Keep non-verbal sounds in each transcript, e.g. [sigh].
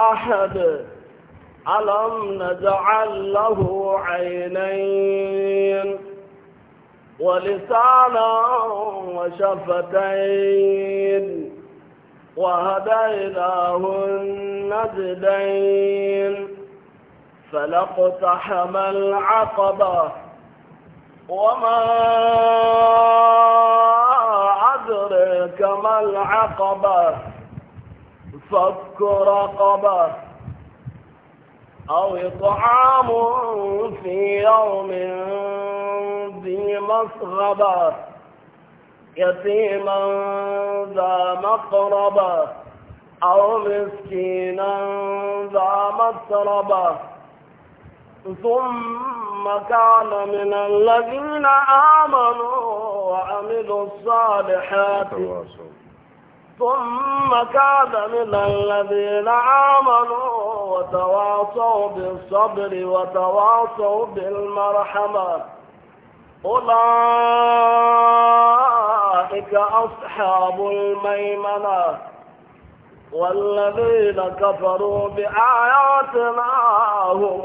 أحد ألم نجعل له عينين ولسانا وشفتين وهديناه النجدين فلاقتحم العقبة وما أدرك ما العقبة فك رقبة أو إطعام في يوم ذي مصغبة يتيما ذا مقربة أو مسكينا ذا مسربة ثم كان من الذين آمنوا وعملوا الصالحات ثم كان من الذين آمنوا وتواصوا بالصبر وتواصوا بالمرحمة أولئك أصحاب الميمنة والذين كفروا بآياتنا هم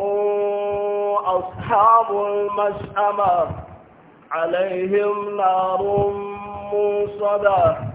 أصحاب المشأمة عليهم نار موصده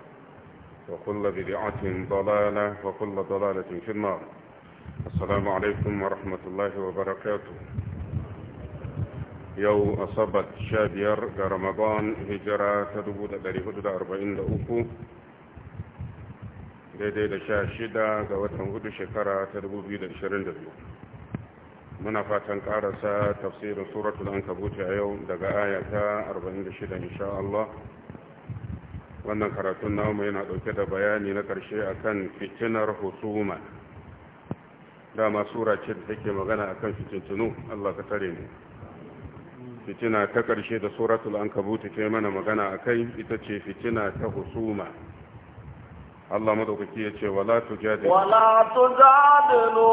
وكل بدعة ضلالة وكل ضلالة في النار السلام عليكم ورحمة الله وبركاته يو أصبت شابير رمضان هجرة تدبود داري هدود أربعين لأوكو daidai da sha shida ga watan hudu shekara ta dubu biyu da ashirin da biyu muna fatan karasa tafsirin suratul an kabuta yau daga aya ta arba'in da shida insha Allah wannan karatun namu yana dauke da bayani na karshe akan fitinar husuma dama sura ce da take magana akan fitintunu Allah ka tare mu fitina ta karshe da suratul ankabut ta mana magana akai ita ce fitina ta husuma Allah madaukaki ya ce wala tujadilu wala tujadilu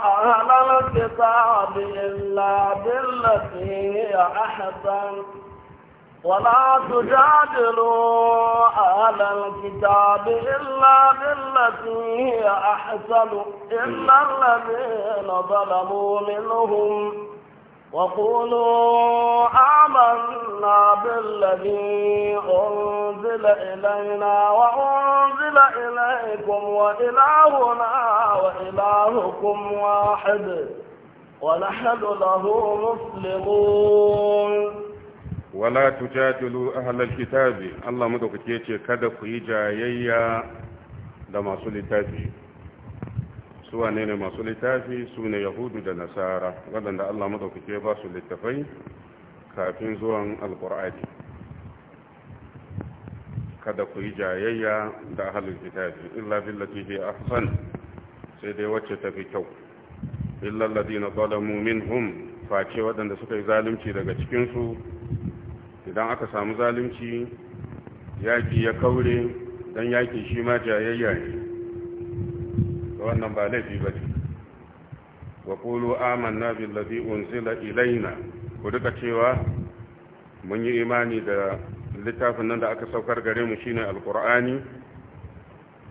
ahlal kitab illa billati ahsan ولا تجادلوا أهل الكتاب إلا بالتي هي أحسن إلا الذين ظلموا منهم وقولوا آمنا بالذي أنزل إلينا وأنزل إليكم وإلهنا وإلهكم واحد ونحن له مسلمون wala tujadilu ahlal kitabi Allah madaukake ce kada ku yi jayayya da masu littafi su wane ne masu littafi su ne yahudu da nasara waɗanda Allah madaukake ba su littafai kafin zuwan alqur'ani kada ku yi jayayya da ahlal kitabi illa billati hi ahsan sai dai wacce ta fi kyau illa alladhina zalamu minhum face waɗanda suka yi zalunci daga cikin su idan aka samu zalunci yaƙi ya kaure don yaƙi shi ma jayayya ne wannan ba laifi ba ce wa kulu amanna billazi unzila ilaina ku duka cewa mun yi imani da littafin nan da aka saukar gare mu shine alqur'ani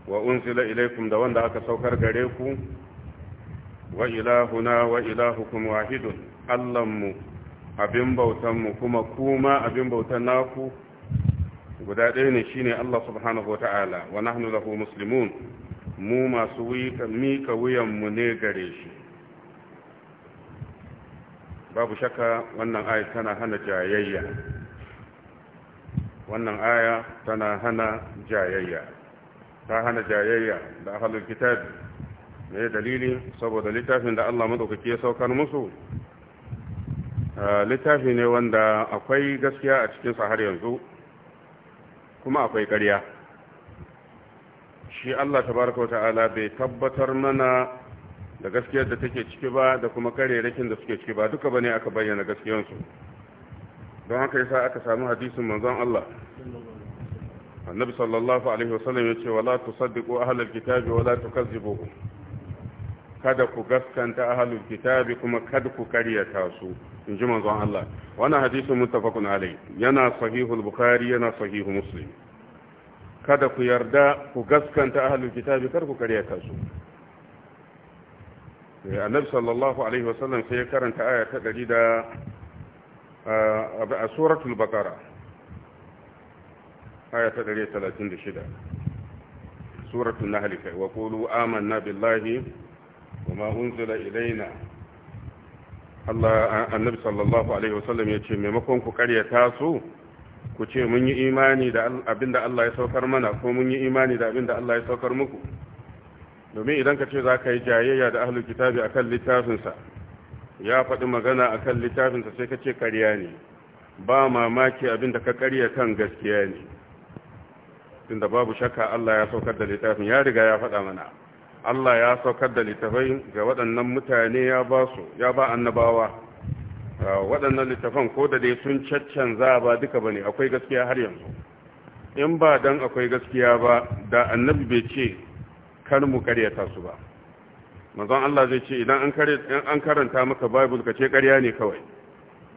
wa unzila ilaikum da wanda aka saukar gare ku wa ilahuna wa ilahukum wahidun allahnmu abin bautanmu kuma kuma abin bautan naku guda ɗaya ne shine Allah subhanahu wa ta'ala wa nahnu lahu muslimun mu masu mika wuyanmu ne gare shi babu shakka wannan aya tana hana jayayya wannan aya tana hana jayayya ta hana jayayya da ahlul kitab ne dalili saboda littafin da Allah madaukake ya saukar musu Eh, littafi ne wanda akwai gaskiya a cikinsa har yanzu kuma akwai ƙarya shi Allah tabaraka wa ta'ala bai tabbatar mana da gaskiyar da take ciki ba da kuma karerakin da suke ciki ba duka bane aka bayyana gaskiyarsu don haka yasa aka sami hadisin manzon Allah annabi sallallahu alaihi wasallam ya ce wala tusaddiqu ahlal kitabi wala tukazzibuhum kada ku gaskanta ahlul kitabi kuma kada ku karyata su in ji manzon Allah wannan hadisi muttafaqun alai yana sahihul bukhari yana sahihu muslim kada ku yarda ku gaskanta ahlul kitabi kada ku karyata su eh, annabi sallallahu alaihi wasallam sai ya karanta aya ta 100 da a suratul baqara aya ta 136 suratul nahl wa qulu amanna billahi kuma unzila ilaina Allah annabi sallallahu alaihi wasallam ya ce maimakon ku karyata su ku ce mun yi imani da abinda Allah ya saukar mana ko mun yi imani da Allah ya saukar muku domin idan ka ce za ka yi jayayya da ahlul kitabi akan littafinsa ya faɗi magana akan littafinsa sai ka ce karya ne ba mamaki abinda ka karya kan gaskiya ne tunda babu shakka Allah ya saukar da littafin ya riga ya faɗa mana Allah ya saukar da littafai ga waɗannan mutane ya ba su ya ba annabawa ah, waɗannan littafan ko da dai sun za ba duka bane akwai gaskiya har yanzu in ba dan akwai gaskiya ba da annabi bai ce kar mu karyata su ba manzon Allah zai ce idan an karanta maka bible ka ce ƙarya ne kawai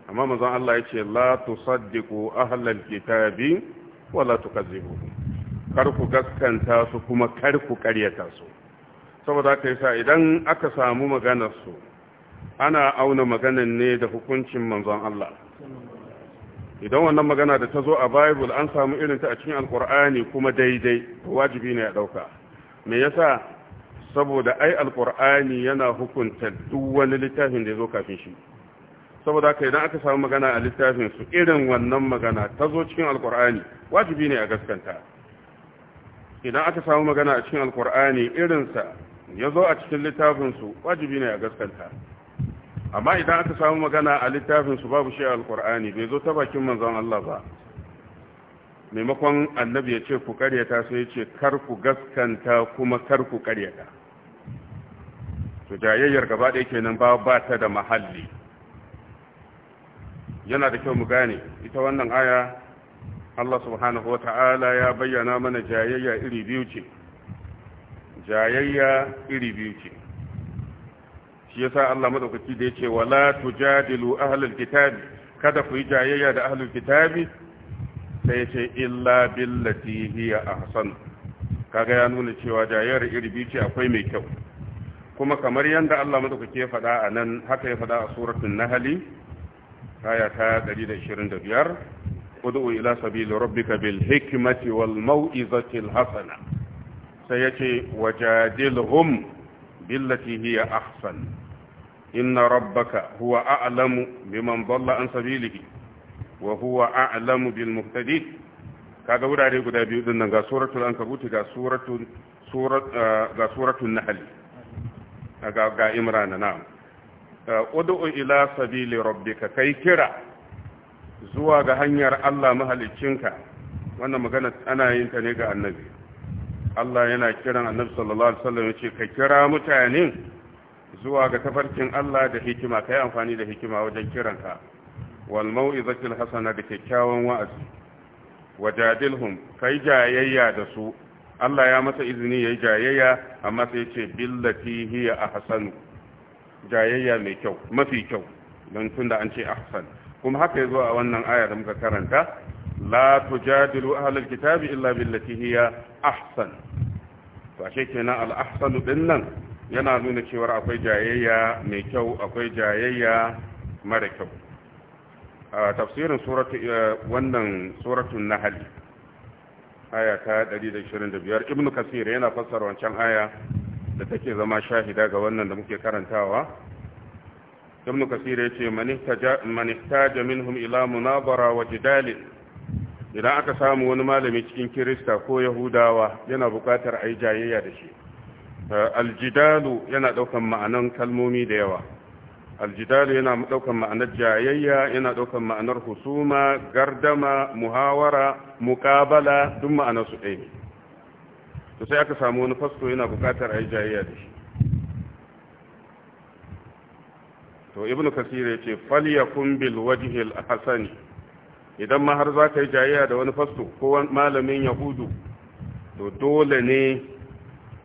amma manzon Allah ya ce la tusaddiqu ahlal kitabi wala tukazzibu kar ku gaskanta su kuma kar ku karyata su saboda ka yasa idan aka samu maganar su ana auna maganar ne da hukuncin manzon Allah idan wannan magana da ta zo a bible an samu irin ta a cikin alkur'ani kuma daidai wajibi ne ya dauka me yasa saboda ai alkur'ani yana hukunta duk wani littafin da ya zo kafin shi saboda ka idan aka samu magana a littafin su irin wannan magana ta zo cikin alkur'ani wajibi ne a gaskanta idan aka samu magana a cikin alkur'ani irinsa ya zo a cikin littafinsu wajibi ne a gaskanta amma idan aka samu magana a littafinsu babu shi alkur'ani bai zo ta bakin manzon Allah ba maimakon annabi ya ce ku karyata sai ya ce kar ku gaskanta kuma kar ku karyata to jayayyar gaba ɗaya kenan ba ba ta da mahalli yana da kyau mu gane ita wannan aya Allah subhanahu wa ta'ala ya bayyana mana jayayya iri biyu ce jayayya iri biyu ce shi yasa Allah madaukaki da yace wala tujadilu ahlul kitabi kada ku yi jayayya da ahlul kitabi sai yace illa billati hiya ahsan kaga ya nuna cewa jayayyar iri biyu ce akwai mai kyau kuma kamar yanda Allah madaukaki ya faɗa a nan haka ya faɗa a suratul nahl aya ta 125 ud'u ila sabili rabbika bil hikmati wal mau'izati al hasana sai yace wajadilhum billati hiya ahsan inna rabbaka huwa a'lamu biman dalla an sabilihi wa huwa a'lamu bil muhtadin kaga wurare guda biyu din nan ga suratul ankabut ga suratul surat uh, ga suratul nahl ga ga imran na'am uh, ud'u ila sabili rabbika kai kira zuwa ga hanyar Allah mahaliccinka wannan magana ana yin ta ne ga annabi Allah yana kiran annabi sallallahu alaihi wasallam yace ka kira mutanen zuwa ga tafarkin Allah da hikima kai amfani da hikima wajen kiranka wal mau'izatil hasana da kyakkyawan wa'azi wajadilhum kai jayayya da su Allah ya masa izini yayi jayayya amma sai yace billati hiya ahsanu jayayya mai kyau mafi kyau don tunda an ce ahsan kuma haka yazo a wannan aya da muka karanta la tujadilu ahlul kitabi illa billati hiya ahsan to kenan al ahsan din nan yana nuna cewa akwai jayayya mai kyau akwai jayayya mara kyau tafsirin suratu wannan suratul nahl aya ta 125 ibnu kasir yana fassara wancan aya da take zama shahida ga wannan da muke karantawa ibnu kasir yace man ihtaja minhum ila munabara wa idan aka samu wani malami cikin kirista ko yahudawa yana buƙatar a yi jayayya da shi eh, aljidalu yana ɗaukan ma'anan kalmomi da yawa aljidalu yana ɗaukan ma'anar jayayya yana ɗaukan ma'anar husuma gardama muhawara muƙabala duk ma'anar su ɗaya to sai aka samu wani fasto yana buƙatar a yi jayayya da shi to ibn kasir ya ce falyakun bil wajhil ahsani idan ma har za ka yi jayayya da wani fasto ko malamin yahudu to dole ne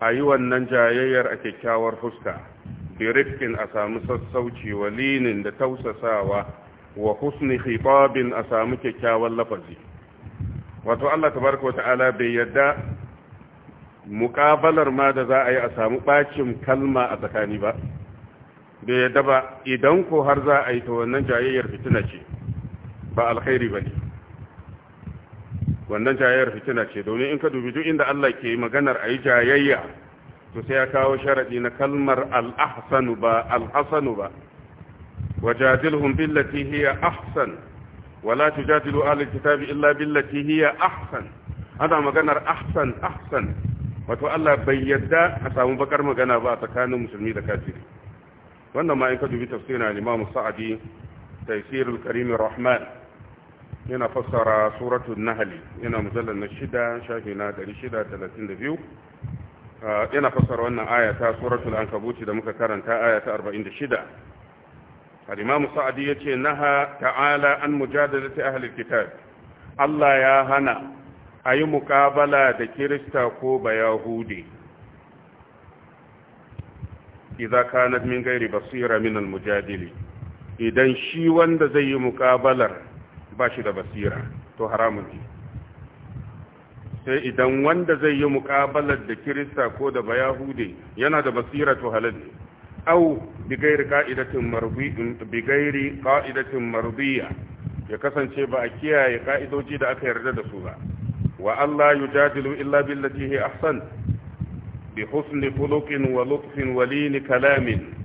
a yi wannan jayayyar a kyakkyawar fuska birifkin a samu sassauci wa linin da tausasawa wa husni khitabin a samu kyakkyawar lafazi wato Allah tabaraka ta'ala bai yadda mukabalar ma da za a yi a samu bacin kalma a tsakani ba bai yadda ba idan ko har za a yi ta wannan jayayyar fitina ce ba alkhairi ba ne wannan jayayyar fitina ce domin in ka dubi duk inda Allah ke maganar a yi jayayya to sai ya kawo sharaɗi na kalmar al'ahsanu ba al'asanu ba wajadilhum billati hiya ahsan wala tujadilu ahlul kitabi illa billati hiya ahsan ana maganar ahsan ahsan wato Allah bai yadda a samu bakar magana ba tsakanin musulmi da kafiri wannan ma in ka dubi tafsirin al-Imam Sa'di Tafsirul Karim Rahman yana fassara suratun Nahali, yana mujallal na shida shafi na biyu. Ah, yana fassara wannan ayata, suratun an ankabuti da muka karanta aya ta 46 al-imam sa'adi ce naha ta'ala an ta ahli kitab Allah ya hana a yi muqabala da kirista ko bayahudi idza kanat min gairi basira min al-mujadili idan shi wanda zai yi muqabalar ba shi da basira to haramun ne sai idan wanda zai yi muƙabalar da kirista ko da bayahude yana da basira to halal ne au bigairi ka'idatin bigairi ka'idatin marbiya ya kasance ba a kiyaye ka'idoji da aka yarda da su ba wa Allah yujadilu illa billati hi ahsan bi husni khuluqin wa lutfin wa lin kalamin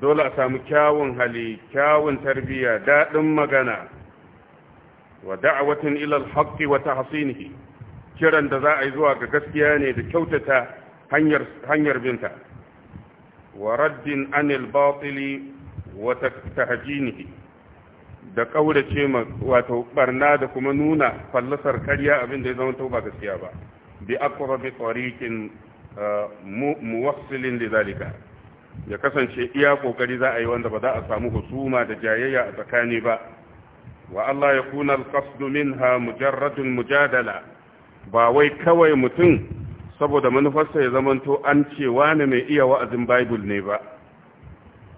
dole a samu kyawun hali kyawun tarbiya dadin magana wa da'awatin ila al-haqqi wa tahsinihi kiran da za a yi zuwa ga gaskiya ne da kyautata hanyar hanyar binta wa raddin anil batili wa tahjinihi da kaurace ma wato barna da kuma nuna fallasar karya abin da ya zama tauba gaskiya ba bi aqrabi tariqin uh, muwassilin lidhalika ya kasance iya kokari za a yi wanda ba za a samu husuma da jayayya a tsakani ba wa Allah ya kuna alƙasdu minha mujarradun mujadala ba wai kawai mutum saboda manufarsa ya zamanto an ce ne mai iya wa'azin baibul ne ba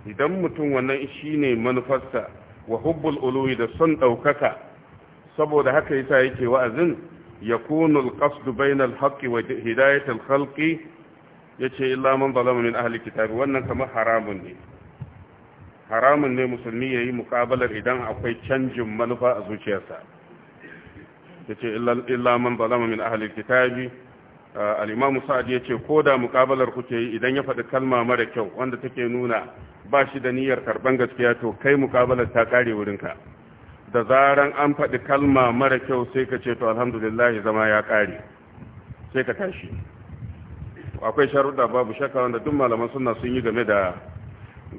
idan mutum wannan shine manufarsa wa hubbul uluwi da son ɗaukaka saboda haka yasa yake wa'azin ya kuna alƙasdu bainal haqqi wa hidayatul ya yace illa man zalama min ahli kitabi wannan kamar haramun ne haramun ne musulmi ya yi mukabalar idan akwai canjin manufa a zuciyarsa ya ce man zalama min ahalil kitabi uh, al'imamu sa'ad ya ce ko da mukabalar kuke yi idan ya faɗi kalma mara kyau wanda take nuna ba shi da niyyar karɓar gaskiya to kai mukabalar ta ƙare wurinka da zaran an faɗi kalma mara kyau sai ka ce to alhamdulillah zama ya ƙare sai ka tashi akwai sharuɗa babu shakka wanda duk malaman suna sun yi game da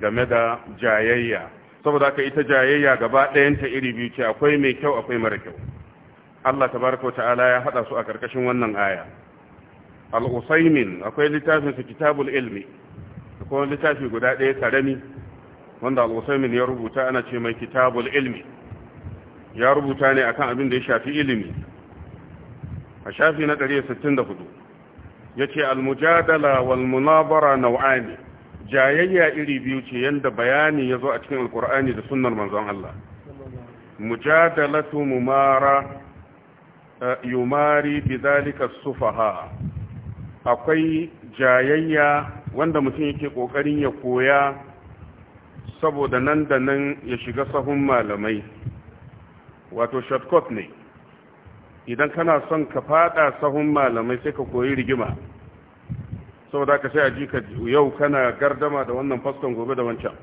game da jayayya saboda haka ita jayayya gaba ɗayanta iri biyu ce akwai mai kyau akwai mara kyau Allah tabaraka ta'ala ya hada su a karkashin wannan aya al-usaymin akwai littafin su kitabul ilmi akwai littafi guda ɗaya karami wanda al-usaymin ya rubuta ana ce mai kitabul ilmi ya rubuta ne akan abin da ya shafi ilimi a shafi na 164 yace al-mujadala wal munabara nau'ani jayayya iri biyu ce yanda bayani ya zo a cikin alkur'ani da sunnar manzon Allah mujadalatu mumara eh, yumari bi zalika sufaha akwai jayayya wanda mutum yake kokarin ya koya saboda nan da nan ya shiga sahun malamai wato shortcut ne idan kana son ka fada sahun malamai sai ka koyi rigima saboda ka sai a ji ka yau kana gardama da wannan faston gobe da wancan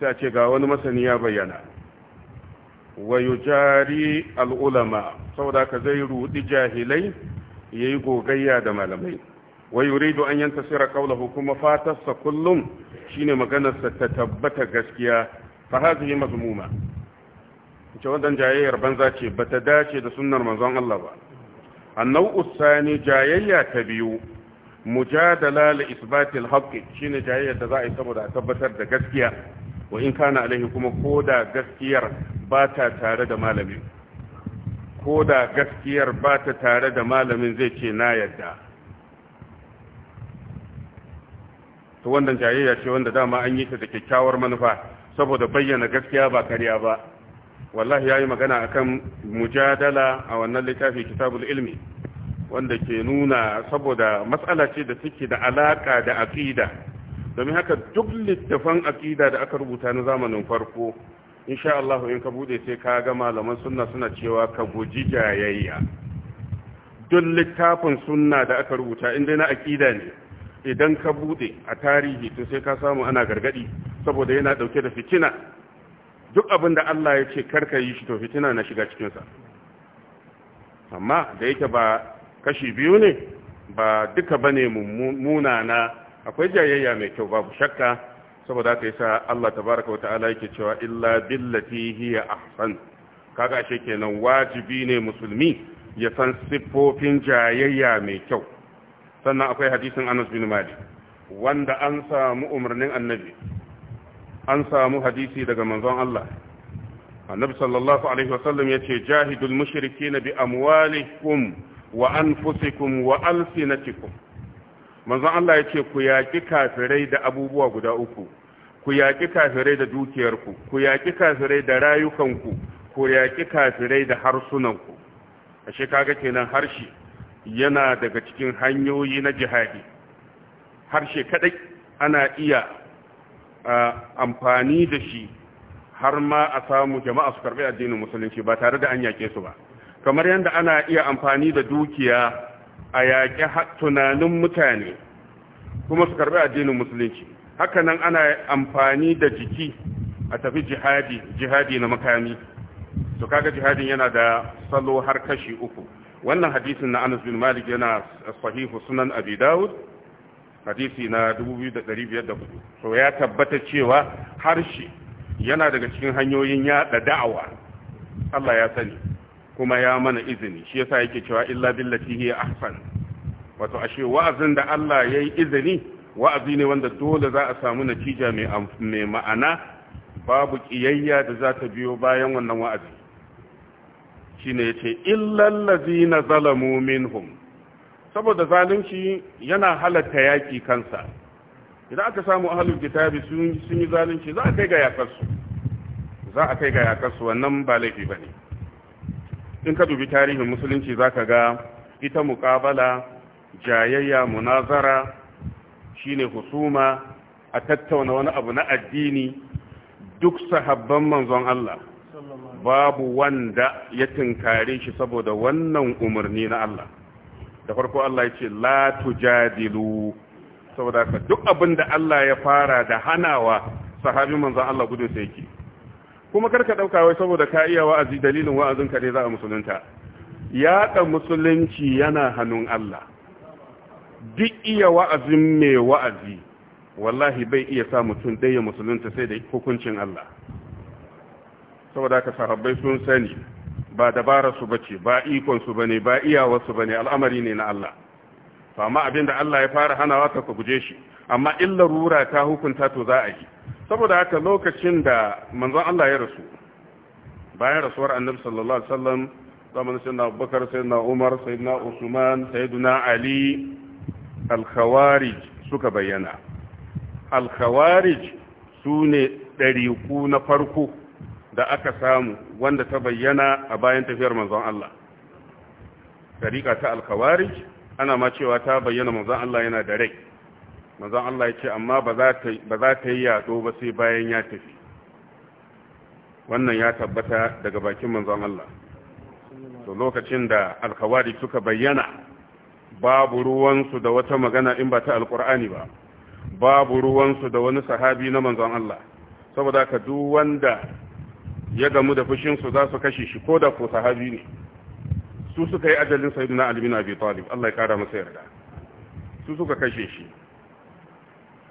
sai a ce ga wani masani ya bayyana wa yujari al'ulama saboda ka zai rudi jahilai ya yi gogayya da malamai wa yuridu an yanta sira kuma fatarsa kullum shine maganarsa ta tabbata gaskiya fa hazihi mazmuma ce wannan jayayyar banza ce ba ta dace da sunnar manzon Allah ba annau usani jayayya ta biyu mujadala li isbatil haqqi shine jayayyar da za a yi saboda a tabbatar da gaskiya wa in kana alaihi kuma koda gaskiyar ba ta tare da malami koda gaskiyar ba ta tare da malamin zai ce na yadda to wannan jayayya ce wanda dama an yi ta da kyakkyawar manufa saboda bayyana gaskiya ba kariya ba wallahi yayi magana akan mujadala a wannan littafin kitabul ilmi wanda ke nuna saboda matsala ce da take da alaka da aqida domin haka duk littafan aqida da aka rubuta na zamanin farko insha Allah in ka bude sai ka ga malaman sunna suna cewa ka guji jayayya duk littafin sunna da aka rubuta in dai na aqida ne idan ka bude a tarihi to sai ka samu ana gargadi saboda yana dauke da fitina duk abin da Allah ya ce karka yi shi to fitina na shiga cikin sa amma da yake ba kashi biyu ne ba duka bane munana akwai jayayya mai kyau babu shakka saboda yi sa Allah tabaraka wa ta'ala yake cewa illa billati hiya ahsan kaga ashe kenan wajibi ne musulmi ya san siffofin jayayya mai kyau sannan akwai hadisin Anas bin Malik wanda an samu umarnin annabi an samu hadisi daga manzon Allah annabi sallallahu alaihi wasallam yace jahidul mushrikeena bi amwalikum wa anfusikum wa alsinatikum manzon Allah yace ku yaƙi kafirai da abubuwa guda uku ku yaƙi kafirai da dukiyarku ku yaki kafirai da rayukanku ku yaki kafirai da harsunanku ashe kaga kenan harshe yana daga cikin hanyoyi na jihadi harshe kadai ana iya amfani da shi har ma a samu jama'a su karbi addinin musulunci ba tare da an yake su ba kamar yadda ana iya amfani da dukiya a yaƙi tunanin mutane kuma su karɓi addinin musulunci hakanan ana amfani da jiki a tafi jihadi jihadi na makami to kaga jihadin yana da salo har kashi uku wannan hadisin na Anas bin Malik yana sahihu sunan Abi Dawud hadisi na 2504 so ya tabbata cewa harshe yana daga cikin hanyoyin yada da'awa Allah ya sani kuma ya mana izini shi yasa yake cewa illa billati hiya ahsan wato ashe wa'azin da Allah yayi izini wa'azi ne wanda dole za a samu natija mai ma'ana babu kiyayya da za ta biyo bayan wannan wa'azi shine yace illa allazina zalamu minhum saboda zalunci yana halatta yaki kansa idan aka samu ahlul kitabi sun yi zalunci za a kai ga yakarsu za a kai ga yakarsu wannan ba laifi bane in ka dubi tarihin musulunci za ka ga ita muƙabala jayayya munazara shi ne husuma a tattauna wani abu na addini duk sahabban manzon Allah babu wanda ya tinkare shi saboda wannan umarni na Allah da farko Allah ya ce la tujadilu saboda duk abin da Allah ya fara da hanawa sahabi manzon Allah gudu sai yake kuma karka ɗauka wai saboda ka iya wa'azi dalilin ka ne za a musulunta yaɗa musulunci yana hannun Allah duk iya wa'azin mai wa'azi wallahi bai iya sa mutum ɗaya musulunta sai da hukuncin Allah saboda ka sahabbai sun sani ba dabararsu ba ce ba ikonsu ba ne ba iyawarsu ba ne al'amari ne na Allah fama abin da Allah ya fara hanawa ka guje shi amma in larura ta hukunta to za a yi saboda haka lokacin da manzon Allah ya rasu bayan rasuwar annabi sallallahu alaihi wasallam sai na Abubakar na Umar na Usman na Ali al-khawarij suka bayyana al-khawarij sune ku na farko da aka samu wanda ta bayyana a bayan tafiyar manzon Allah tariqa ta al-khawarij ana ma cewa ta bayyana manzon Allah yana da rai manzon Allah ya ce amma ba za ta yi yaɗo ba sai bayan ya tafi wannan ya tabbata daga bakin manzon Allah to lokacin da alkawari suka bayyana babu ruwansu da wata magana in ba ta alkur'ani ba babu ruwansu da wani sahabi na manzon Allah saboda ka duk wanda ya gamu da fushinsu za su kashe shi ko da ko sahabi ne su suka yi ajalin sayyidina ali bin abi talib Allah ya kara masa yarda su suka kashe shi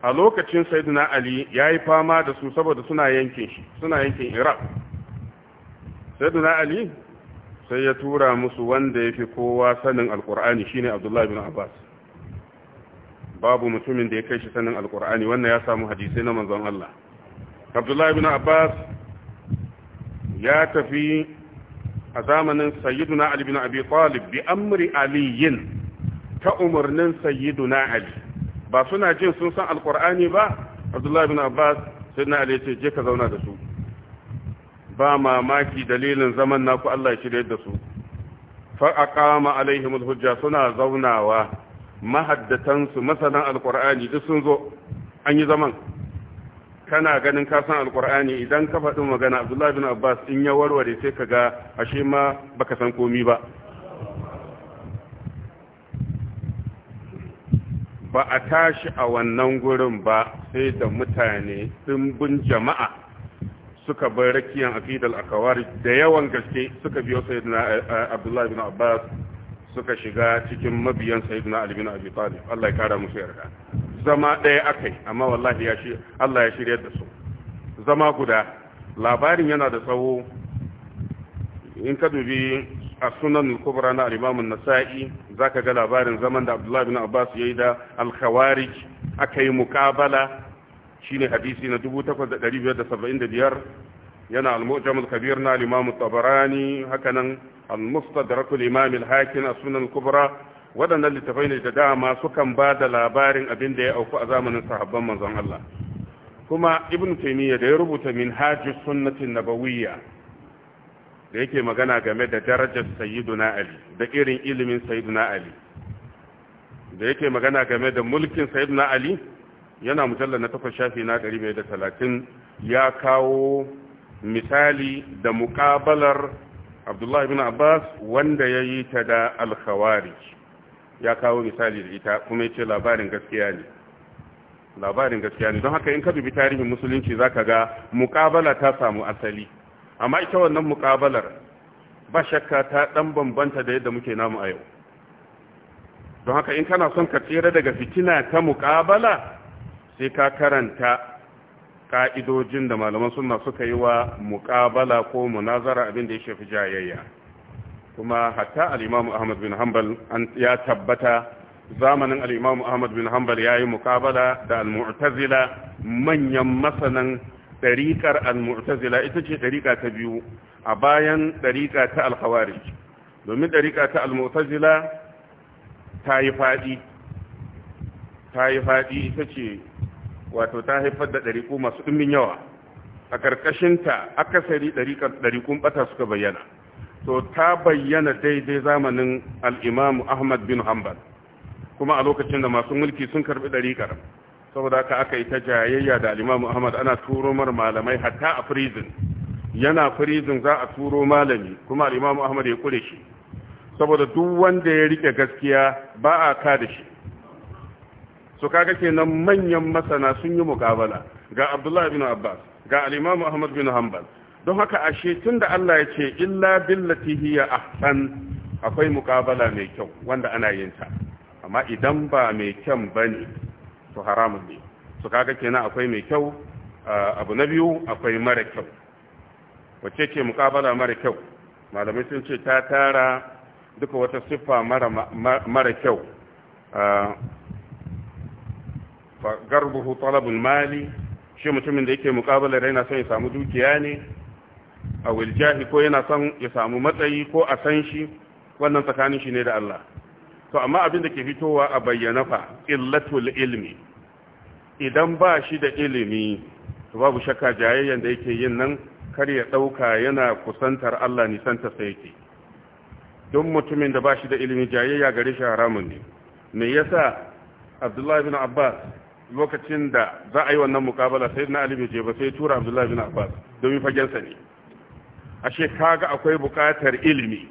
a lokacin sayyidina ali ya yi fama da su saboda suna yankin shi suna yankin iraq sayyidina ali sai ya tura musu wanda ya fi kowa sanin alkur'ani shine abdullahi bin abbas babu mutumin da ya kai shi sanin alkur'ani wannan ya samu hadisai na manzon Allah abdullahi bin abbas ya tafi a zamanin sayyiduna ali bin abi talib bi amri aliyin ta umarnin sayyiduna ali ba suna jin sun san alkur'ani ba abdullahi bin abbas sai na ali ce je ka zauna da su ba mamaki dalilin zaman naku Allah ya shirye da su fa aqama alaihim suna zaunawa mahaddatan su masanan alkur'ani duk sun zo an yi zaman kana ganin ka san alkur'ani idan ka faɗi magana abdullahi bin abbas in ya warware sai ka ga ashe ma baka san komi ba ba a tashi a wannan gurin ba sai da mutane bin jama'a suka bar rakiyan aqidal akawari da yawan gaske suka biyo sayyidina eh, eh, abdullahi bin abbas suka shiga cikin mabiyan sayyidina ali bin abi talib Allah ya kara musu yarda zama ɗaya akai amma wallahi ya shi Allah ya shirye da su zama guda labarin yana da tsawo in ka dubi a sunan kubra na alimamun nasa'i za ka ga labarin zaman da abdullahi bin abbas ya yi da alkhawarij aka yi mukabala shine hadisi na 8575 yana al-mu'jamul kabir na alimamun tabarani hakanan al-mustadrakul imam al-hakim a sunan kubra waɗannan littafai ne da dama sukan ba da labarin abin da ya auku a zamanin sahabban manzon Allah kuma ibn taymiya da ya rubuta minhajus sunnatin nabawiyya da yake magana game da darajar sayyiduna ali da irin ilimin sayyiduna ali da yake magana game da mulkin sayyiduna ali yana mujalla na takwas shafi na 130 da talatin ya kawo misali da muƙabalar abdullahi bin abbas wanda ya yi ta da alkhawari ya kawo misali da ita kuma ya ce labarin gaskiya ne labarin gaskiya ne don haka in ka dubi tarihin musulunci za ka ga mukabala ta samu asali amma ita wannan mukabalar ba shakka ta ɗan bambanta da yadda muke namu a yau don haka in kana son ka tsira daga fitina ta mukabala sai ka karanta ƙa'idojin da malaman suna suka yi wa mukabala ko munazara abin da ya shafi jayayya kuma hatta al'imamu ahmad bin hanbal ya tabbata zamanin al'imamu ahmad bin hanbal ya yi muƙabala da al-mu'tazila manyan masanan ɗariƙar al-mu'tazila ita ce ɗariƙa ta biyu a bayan ɗariƙa ta al domin ɗariƙa ta al-mu'tazila ta yi faɗi ta yi faɗi ita ce wato ta haifar da ɗariƙu masu ɗumin yawa a ƙarƙashinta akasari ɗariƙun ɓata suka bayyana to ta bayyana daidai zamanin al'imamu ahmad bin hanbal kuma a lokacin da masu mulki sun karɓi ɗariƙar saboda haka aka yi ta jayayya da alimamu muhammad ana turo mar malamai hatta a prison yana prison za a turo malami kuma alimamu muhammad ya kure shi saboda duk wanda ya rike gaskiya ba a ka da shi su kaga kenan manyan masana sun yi mukabala ga abdullahi bin abbas ga alimamu muhammad bin hanbal don haka ashe tun da allah ya ce illa billati hiya ahsan akwai mukabala mai kyau wanda ana yin ta amma idan ba mai kyan bane to haramun ne su kaga kenan akwai mai kyau abu na biyu akwai mara kyau wacce ke mukabala mara kyau malamai sun ce ta tara duka wata siffa mara kyau garbuhu talabul mali shi mutumin da yake mukabalar yana son ya samu dukiya ne a wiljahi ko yana son ya samu matsayi ko a san shi wannan tsakanin shi ne da Allah to amma abin da ke fitowa a bayyana fa illatul ilmi idan ba shi da ilimi to babu shakka jayayyen da yake yin nan kar ya dauka yana kusantar Allah nisanta sa yake don mutumin da ba shi da ilimi jayayya gare shi haramun ne me yasa Abdullahi bin Abbas lokacin da za a yi wannan mukabala sai na Ali bai je ba sai tura Abdullahi bin Abbas domin fagensa ne ashe kaga akwai bukatar ilimi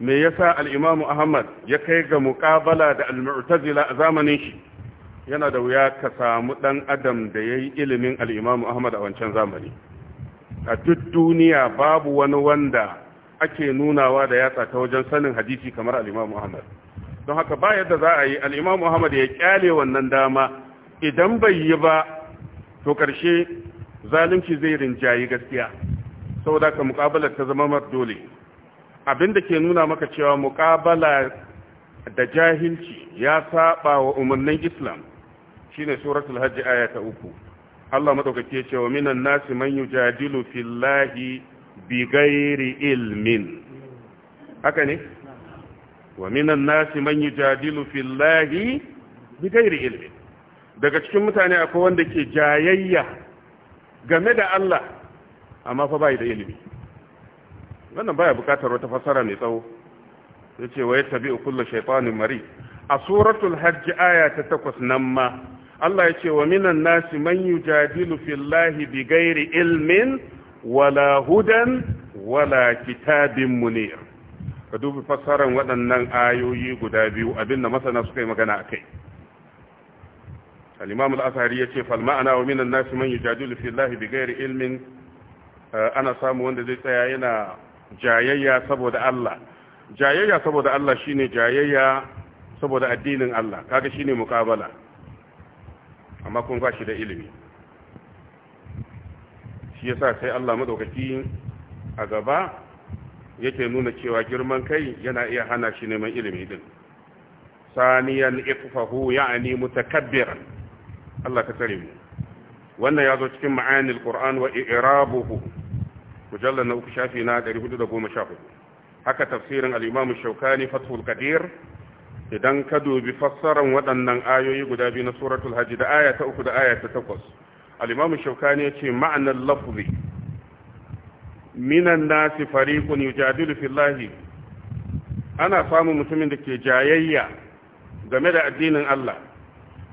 me yasa al-Imam Ahmad ya kai ga muqabala da al-Mu'tazila a zamanin shi yana da wuya ka samu dan adam da yayi ilimin al-Imam Ahmad a wancan zamani a duk duniya babu wani wanda ake nunawa da yatsa ta wajen sanin hadisi kamar al-Imam Ahmad don haka ba yadda za a yi al-Imam Ahmad ya kyale wannan dama idan bai yi ba to karshe zalunci zai rinjayi gaskiya saboda ka muqabalar ta zama mar dole abinda ke nuna maka cewa muƙabala da jahilci ya saba wa umarnin islam shine suratul hajji aya ta uku Allah madaukake ya ce wa minan nasi man yujadilu fillahi bigairi ilmin haka ne wa minan nasi man yujadilu fillahi bigairi ilmin daga cikin mutane akwai wanda ke jayayya game da Allah amma fa bai da ilimi wannan baya bukatar wata fasara mai tsawo ya ce wa ya tabi kullu shaitanin mari a suratul hajji aya ta takwas nan ma Allah ya ce wa minan nasi man jadilu fillahi bi gairi ilmin wala hudan wala kitabin munir ka dubi fassaran waɗannan ayoyi guda biyu abinda masana suka yi magana a kai al-imam al-asari ya ce fal ma'ana wa minan nasi man yujadilu fillahi bi gairi ilmin eh, ana samu wanda zai tsaya yana jayayya saboda Allah jayayya saboda Allah shine jayayya saboda addinin Allah kaga shine muqabala amma kun gashi da ilimi shi yasa sai Allah madaukaki a gaba yake nuna cewa girman kai yana iya hana shi neman ilimi din saniyan ifahu yani mutakabbiran Allah ka tare mu wannan yazo cikin ma'anil qur'an wa i'rabuhu mujallar na uku shafi na 414 haka tafsirin al-imam shaukani fathul qadir idan ka dubi fassarar waɗannan ayoyi guda biyu na suratul hajji da aya ta uku da aya ta takwas al-imam shaukani ya ce ma'anar lafzi minan nasi fariqun yujadilu fillahi ana samun mutumin da ke jayayya game da addinin Allah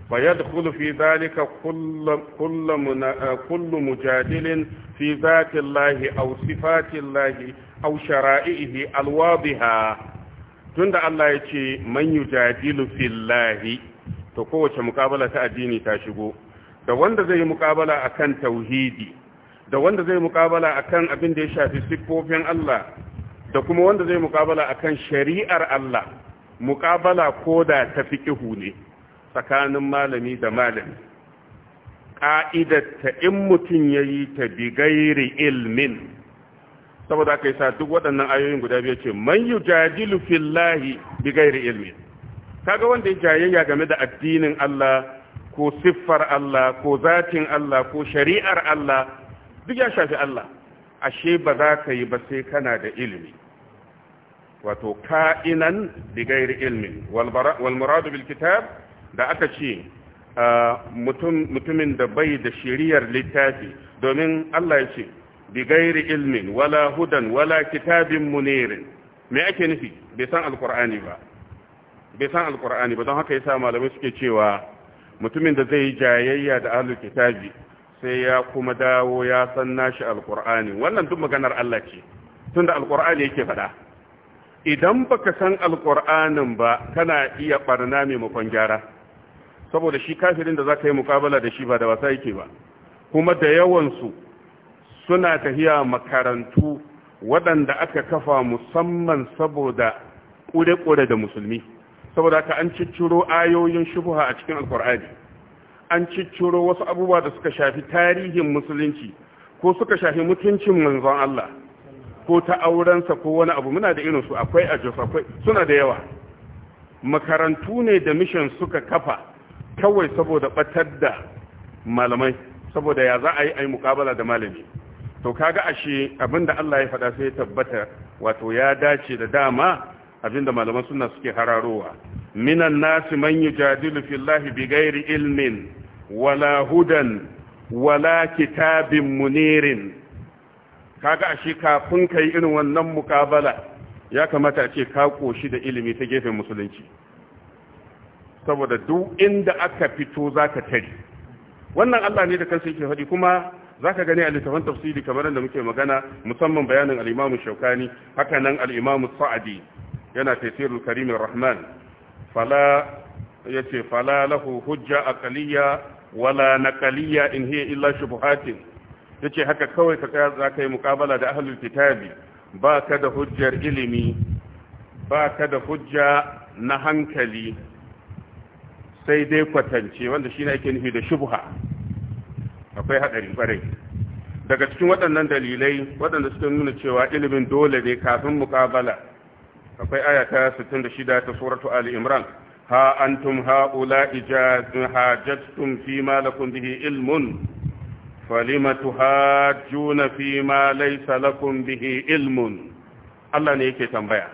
فيدخل في ذلك كل كل من كل مجادل في ذات الله او صفات الله او شرائعه الواضحه تند الله يجي من يجادل في الله to kowace mukabala ta addini ta shigo da wanda zai yi mukabala akan tauhidi da wanda zai yi mukabala akan abin da ya shafi siffofin Allah da kuma wanda zai yi mukabala akan shari'ar Allah mukabala koda ta fiqihu ne tsakanin malami da malami ƙa'idatta in mutum ya yi ta bigairi ilmin saboda aka yi sa duk waɗannan ayoyin guda biyu ce man yi fillahi bigairi ilmin kaga wanda ya jayayya game da addinin Allah ko siffar Allah ko zatin Allah ko shari'ar Allah duk ya shafi Allah ashe ba za ka yi ba sai kana da ilimi wato ka'inan bigairi ilmin walmuradu bil kitab da aka ce ah, mutumin da bai da shiriyar littafi domin Allah ya ce bi gairi ilmin wala hudan wala kitabin munirin me ake nufi bai san alkur'ani ba bai san alkur'ani ba don haka yasa malamai suke cewa mutumin da zai yi jayayya da ahlul kitabi sai ya kuma dawo ya san nashi alkur'ani wannan duk maganar Allah ce tunda alkur'ani yake faɗa idan baka san alkur'anin ba kana iya barna mai mafan gyara saboda shi kafirin da za ka yi mukabala da shi ba da wasa yake ba kuma da yawansu suna tafiya makarantu waɗanda aka kafa musamman saboda ƙure-ƙure da musulmi saboda ka an cicciro ayoyin shubuha a cikin alkur'ani an cicciro wasu abubuwa da suka shafi tarihin musulunci ko suka shafi mutuncin manzon Allah ko ta aurensa ko wani abu muna da irinsu akwai a akwai suna da yawa makarantu ne da mishan suka kafa kawai saboda batar da malamai saboda ya za a yi a yi mukabala da malami to kaga ashe abinda Allah ya faɗa sai ya tabbata wato ya dace da dama abinda malaman suna suke hararowa minan nasi man yujadilu fillahi bighairi ilmin wala hudan wala kitabin munirin kaga ashe kafin kai irin wannan mukabala ya kamata a ce ka koshi da ilimi ta gefen musulunci saboda duk inda aka fito zaka tare wannan Allah ne da kansa yake faɗi kuma zaka gani a littafin tafsiri kamar da muke magana musamman bayanin al shaukani Shawkani haka nan al-Imam Sa'di yana Karim Rahman fala yace fala lahu hujja aqliya wala naqliya in hiya illa shubuhatin yace haka kawai ka tsaya zaka yi muqabala da ahlul kitabi ba ka da hujjar ilimi ba ka da hujja na hankali sai dai kwatance wanda shi ne ake nufi da shubha akwai haɗarin ƙwarai daga cikin waɗannan dalilai waɗanda suka nuna cewa ilimin dole ne kafin muƙabala akwai aya ta 66 ta suratu ali imran ha antum haula ijazun hajjatum fi ma bihi ilmun falima tuhajjuna fi ma laysa lakum bihi ilmun Allah ne yake tambaya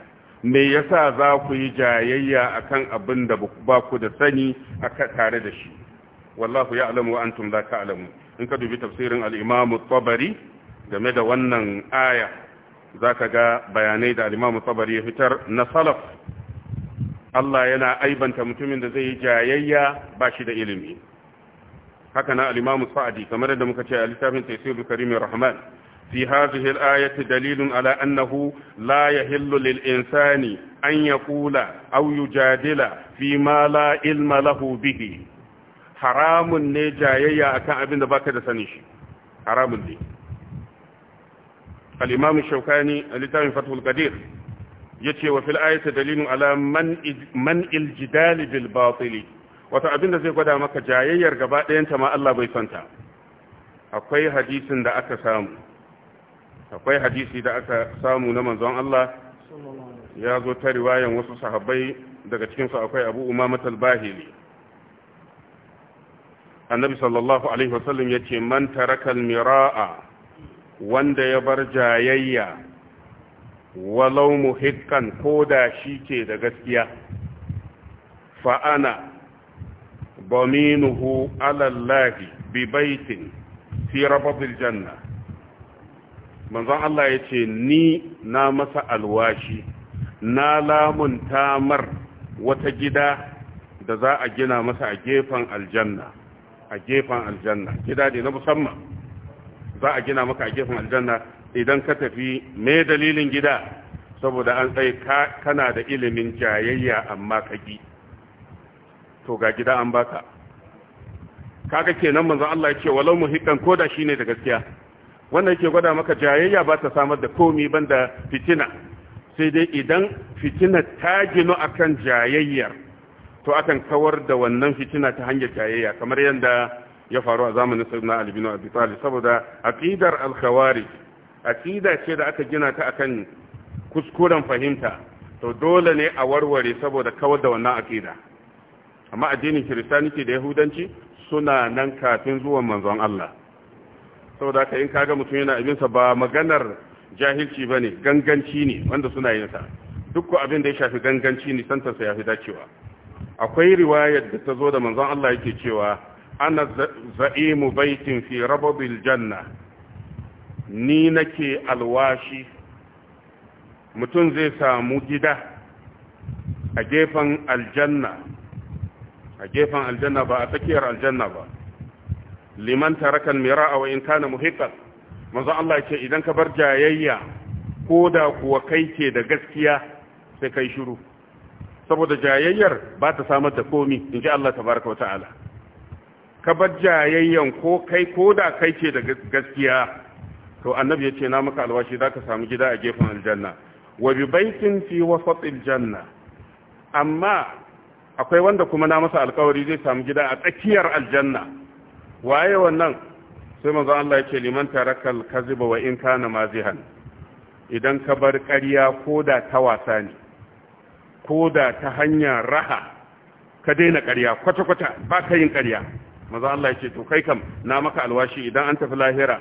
me yasa za ku yi jayayya akan abin da ba ku da sani aka tare da shi wallahu ya'lamu wa antum la alamu. in ka dubi tafsirin al-Imam game da wannan aya zaka ga bayanai da al-Imam ya fitar na salaf Allah yana aibanta mutumin da zai yi jayayya ba shi da ilimi haka na al-Imam Sa'di kamar da muka ce a littafin Tafsirul Karim Rahman في هذه الآية دليل على أنه لا يهل للإنسان أن يقول أو يجادل فيما لا علم له به حرام نجايا أكان أبن باك دسانيش حرام دي الإمام الشوكاني لتعلم فتح القدير يتي وفي الآية دليل على من, من الجدال بالباطل وتعبين ذي قد أمك جايا يرقبات أنت ما الله بيسانتا أقوي حديث دا أكسامه akwai hadisi da aka samu na manzon Allah ya zo ta riwayan wasu sahabbai daga cikinsu akwai abu umamat al-bahili annabi sallallahu alaihi wasallam ya ce man tarakal mira'a wanda ya bar jayayya walau muhikkan ko da shi ke da gaskiya fa'ana baminuhu alallahi bi baitin fi rababil janna manzon Allah ya ce ni na masa alwashi na lamun tamar wata gida da za a gina masa a gefen aljanna a gefen aljanna gida ne na musamman za a gina maka a gefen aljanna idan ka tafi me dalilin gida saboda an tsaye kana da ilimin jayayya amma ka gi to ga gida an baka kaga kenan manzon Allah ya ce walau muhikan koda shine da gaskiya wannan ke gwada maka jayayya ba ta samar da komi banda fitina sai dai idan fitina ta ginu akan jayayyar to akan kawar da wannan fitina ta hanyar jayayya kamar yadda ya faru a zamanin sayyidina albino a Abi saboda aqidar al aqida ce da aka gina ta akan kuskuren fahimta to dole ne a warware saboda kawar da wannan aƙida amma addinin kiristaniki da yahudanci suna nan kafin zuwan manzon Allah saboda haka in kaga mutum yana abinsa ba maganar jahilci ba ne ganganci ne wanda suna yin sa duk abin da ya shafi ganganci ne santansa ya fi dacewa akwai riwayar da ta zo da manzon Allah yake cewa ana za'imu baitin fi rababil janna ni nake alwashi mutum zai samu gida a gefen aljanna a gefen aljanna ba a tsakiyar aljanna ba liman tarakan mira'a wa in kana muhiqqan manzo Allah ce idan ka bar jayayya ko da kuwa kai ke da gaskiya sai kai shiru saboda jayayyar ba ta samar da komi in ji Allah tabaraka wa ta'ala ka bar jayayyan ko kai ko da kai ke da gaskiya to annabi ya ce na maka alwashi za ka samu gida a gefen aljanna wa bi baitin fi wasat janna amma akwai wanda kuma na masa alkawari zai samu gida a tsakiyar aljanna waye wannan sai manzon Allah ya ce liman tarakal kaziba wa in kana mazihan idan ka bar ƙarya ko da ta wasa ne ko da ta hanyar raha ka daina ƙarya kwata-kwata ba ka yin ƙarya maza Allah ce to kai kam na maka alwashi idan an tafi lahira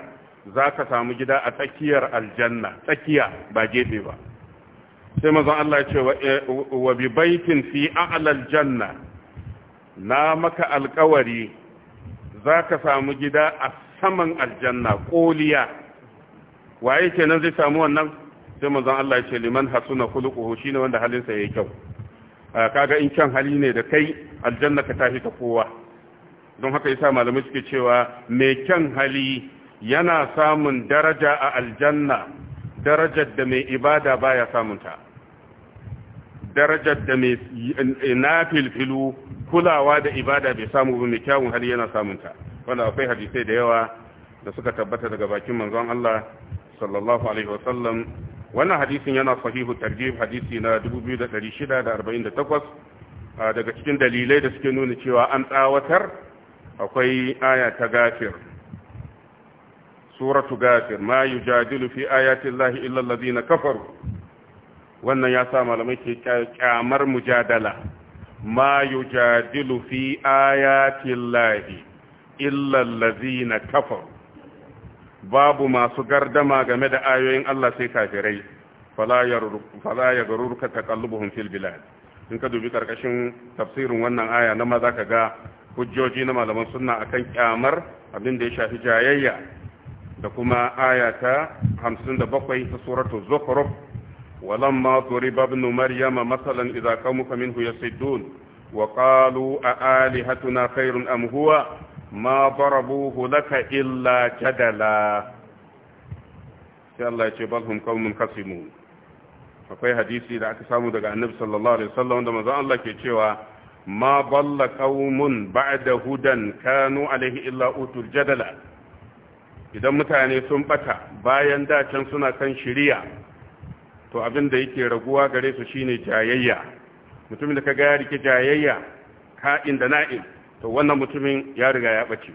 za ka samu gida a tsakiyar aljanna tsakiya ba gefe ba sai maza Allah ya ce eh, wa bi baitin fi a'lal janna na maka alƙawari za ka samu gida a saman aljanna koliya waye kenan zai samu wannan sai manzon Allah ya ce liman hasuna khuluquhu shine wanda halinsa yayi kyau kaga in kyan hali ne da kai aljanna ka tafi ta kowa don haka yasa malamai suke cewa mai kyan hali yana samun daraja a aljanna darajar da mai ibada baya samunta darajar da mai na filfilu kulawa da ibada bai samu ba mai kyawun hali yana samunta wanda akwai hadisai da yawa da suka tabbata daga bakin manzon Allah sallallahu alaihi wasallam wannan hadisin yana sahihu tarjib hadisi na 2648 daga cikin dalilai da suke nuna cewa an tsawatar akwai aya ta gafir suratu gafir ma yujadilu fi ayati llahi illa allazina kafaru wannan ya sa malamai ke kyamar mujadala ma yujadilu fi ayatin lahi illallazi na kafar babu masu gardama game da ayoyin Allah sai kafirai fala ya garurka taqallubuhum fil bilad in ka dubi karkashin tafsirin wannan aya na maza ka ga hujjoji na malaman sunna akan kyamar abin da ya shafi jayayya da kuma aya ta 57 ta suratu zukhruf ولما ضرب ابن مريم مثلا إذا قومك منه يصدون وقالوا أآلهتنا خير أم هو ما ضربوه لك إلا جدلا الله يجبلهم قوم خصمون akwai hadisi da aka samu daga annabi sallallahu alaihi wasallam wanda manzon Allah ke cewa ma balla qaumun ba'da hudan kanu alaihi illa utul jadala idan mutane sun ɓata bayan da can suna kan shiriya to abin da yake raguwa gare su shine jayayya mutumin da kaga ya rike jayayya ka'in da na'in to wannan mutumin ya riga ya bace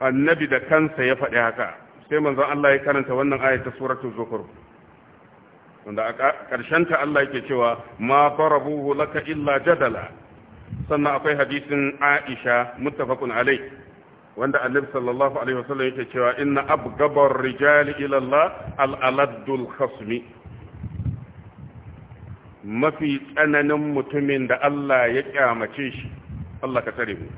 annabi da kansa ya faɗi haka sai manzon Allah ya karanta wannan ayat ta suratul zukhruf wanda a ta Allah yake cewa ma darabuhu laka illa jadala sannan akwai hadisin Aisha muttafaqun alai wanda Annabi sallallahu alaihi wasallam yake cewa inna abgabar rijali ila Allah al-aladul khasmi mafi tsananin mutumin da Allah ya kyamace shi Allah ka tare mu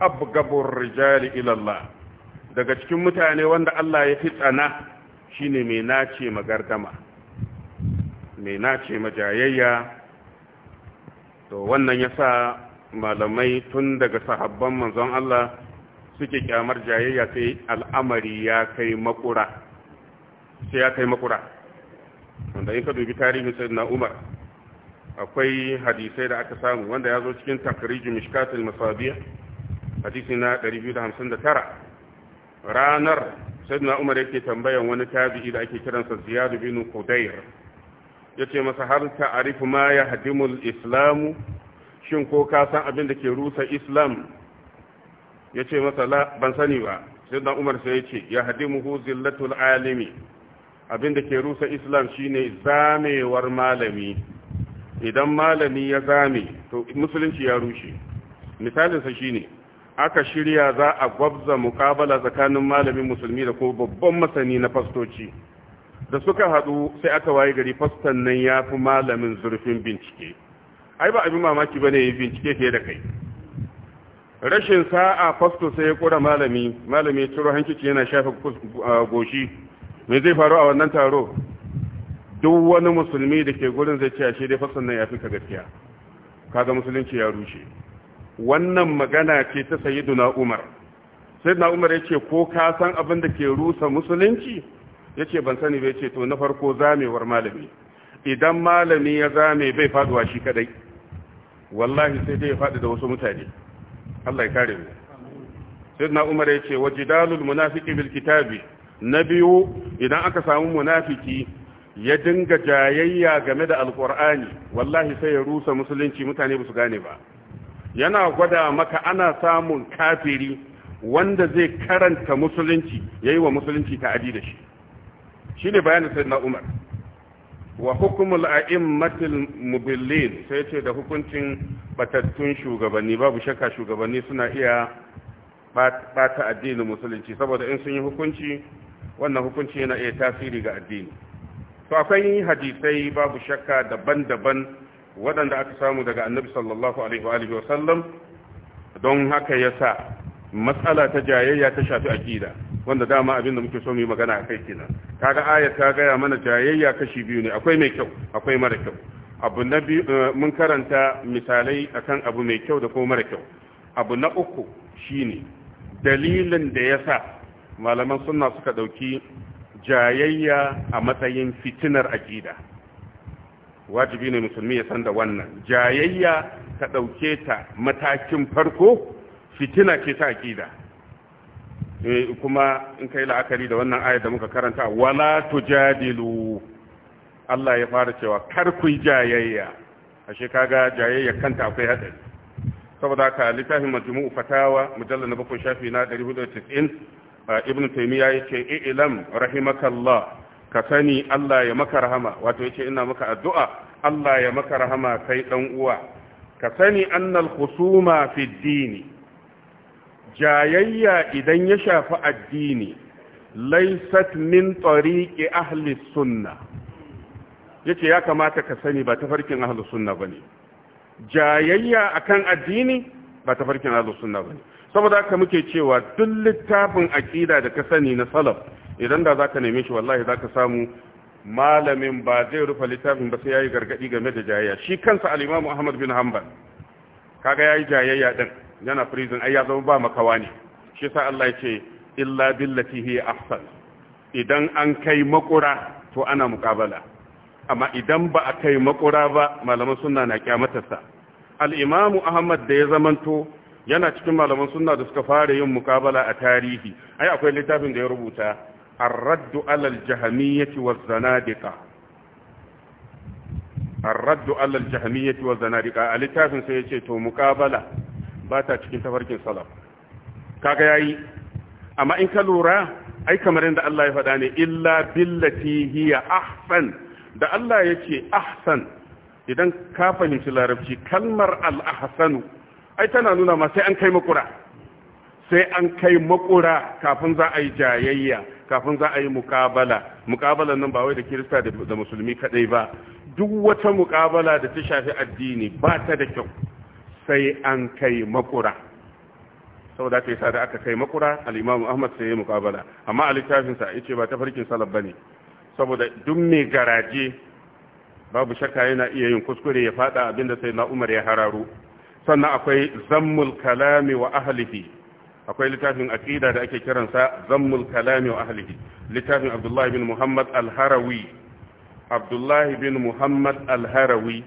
abgabur rijali ila Allah daga cikin mutane wanda Allah ya fi tsana shine mai nace magardama mai nace majayayya to wannan yasa malamai tun daga sahabban manzon Allah suke kyamar jayayya sai al'amari ya kai makura sai ya kai makura wanda in ka dubi tarihin sayyidina umar akwai hadisai da aka samu wanda ya zo cikin takriju mishkatul masabiya hadisi na 259 ranar sayyidina umar yake tambayan wani tabi'i da ake kiransa ziyad bin ya yace masa har ta'rifu ma ya yahdimul islamu shin ko ka san abin da ke rusa islam yace masa la ban sani ba sayyidina umar sai yace yahdimuhu zillatul alimi abinda ke rusa islam shine zamewar malami idan malami ya zame to musulunci ya rushe misalinsa shine aka shirya za a gwabza mukabala tsakanin malamin musulmi da ko babban masani na fastoci da suka haɗu sai aka waye gari fastan nan ya fi malamin zurfin bincike ai ba abin mamaki ba ne bincike fiye da kai rashin sa'a fasto sai ya kura malami malami ya ciro hankici yana shafa goshi me zai faru a wannan taro duk wani musulmi da ke gurin zai ce shi dai fasan nan ya fi ka gaskiya kaga musulunci ya rushe wannan magana ce ta sayyiduna umar sayyiduna umar ya ko ka san abin da ke rusa musulunci ya ce ban sani ba ce to na farko zamewar malami idan malami ya zame bai faduwa shi kadai wallahi sai dai ya fadi da wasu mutane Allah ya kare mu sayyiduna Umar ya wajidalul munafiqi bil kitabi na biyu idan aka samu munafiki ya dinga jayayya game da alkur'ani wallahi sai ya rusa musulunci mutane ba su gane ba yana gwada maka ana samun kafiri wanda zai karanta musulunci yayi yi wa musulunci ta'adi da shi shi ne bayanin sai na umar wa hukumul a'immatil mubillin sai ce da hukuncin batattun shugabanni babu shakka shugabanni suna iya bata addinin musulunci saboda in sun yi hukunci wannan hukunci yana iya tasiri ga addini to akwai hadisai babu shakka daban-daban waɗanda aka samu daga annabi sallallahu alaihi wa sallam don haka yasa matsala ta jayayya ta shafi akida wanda dama abin da muke so mu yi magana a kai kenan kaga ayat ta gaya mana jayayya kashi biyu ne akwai mai kyau akwai mara kyau abu na biyu eh, mun karanta misalai akan abu mai kyau da kuma mara kyau abu na uku shine dalilin da yasa malaman sunna suka dauki jayayya a matsayin fitinar aqida wajibi ne musulmi ya san da wannan jayayya ta dauke ta matakin farko fitina ce ta aqida eh, kuma in kai la'akari da wannan ayar da muka karanta wala tujadilu Allah ya fara cewa kar ku jayayya ashe kaga jayayya kanta akwai hadari saboda ka littafin majmu'u fatawa mujallal na bakon shafi na 490 ibn taymiya yace i'lam rahimakallah ka sani Allah ya maka rahama wato yace ina maka addu'a Allah ya maka rahama kai dan uwa ka sani annal khusuma fi dini jayayya idan ya shafi addini laysat min tariqi ahli sunna yace ya kamata ka sani ba farkin ahli sunna bane jayayya akan addini ba farkin ahli sunna bane saboda haka muke cewa duk littafin aƙida da ka sani na salaf idan da zaka neme shi wallahi zaka samu malamin ba zai rufe littafin ba sai yayi gargadi game da jayayya shi kansa al-Imam Ahmad bin Hanbal kaga yayi jayayya din yana prison ai ya zama ba makawa ne shi sa Allah ya ce illa billati hi ahsan idan an kai makura to ana muqabala amma idan ba a kai makura ba malaman sunna na kyamatarsa al-Imam Ahmad da ya zamanto yana cikin malaman sunna da suka fara yin mukabala a tarihi ai akwai littafin da ya rubuta ar-raddu alal jahmiyyati wa zanadiqa ar-raddu alal jahmiyyati waz zanadiqa a littafin sai yace to mukabala ba ta cikin tafarkin salaf kaga yayi amma in ka lura ai kamar yadda Allah ya faɗa ne illa billati hiya ahsan da Allah yace ahsan idan ka fahimci larabci kalmar al-ahsanu ai tana nuna ma sai an kai makura sai an kai makura kafin za a yi jayayya kafin za a yi mukabala mukabalan nan ba wai da kirista da musulmi kadai ba duk wata mukabala da ta shafi addini ba ta da kyau sai an kai makura saboda ta yasa da aka kai makura al Ahmad sai ya mukabala amma a littafin sa yace ba ta farkin salaf bane saboda duk mai garaje babu shakka yana iya yin kuskure ya fada abinda sai Na'umar ya hararo sannan akwai zammul kalami wa ahalihi akwai littafin aqida da ake kiransa zammul kalami wa ahalihi littafin abdullahi bin muhammad al-harawi abdullahi bin muhammad al-harawi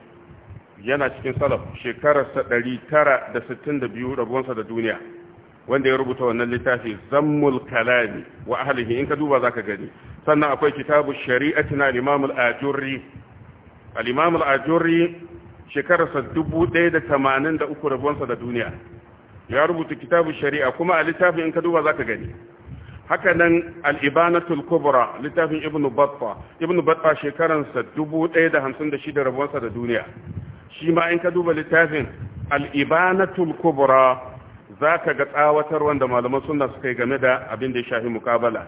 yana cikin salaf shekararsa 962 rabuwansa da duniya wanda ya rubuta wannan littafi zammul kalami wa ahalihi in ka duba za ka gani sannan akwai kitabu shari'atina al-imam al-ajurri al-imam al-ajurri shekararsa dubu ɗaya da tamanin da uku rabuwansa da duniya ya rubuta kitabu shari'a kuma a littafin in ka duba za ka gani haka nan al'ibanatul kubra littafin ibn batta ibn batta shekaransa dubu ɗaya da hamsin da shida rabuwansa da duniya shi ma in ka duba littafin al'ibanatul kubra za ka ga tsawatar wanda malaman suna su kai game da abin da ya shafi mukabala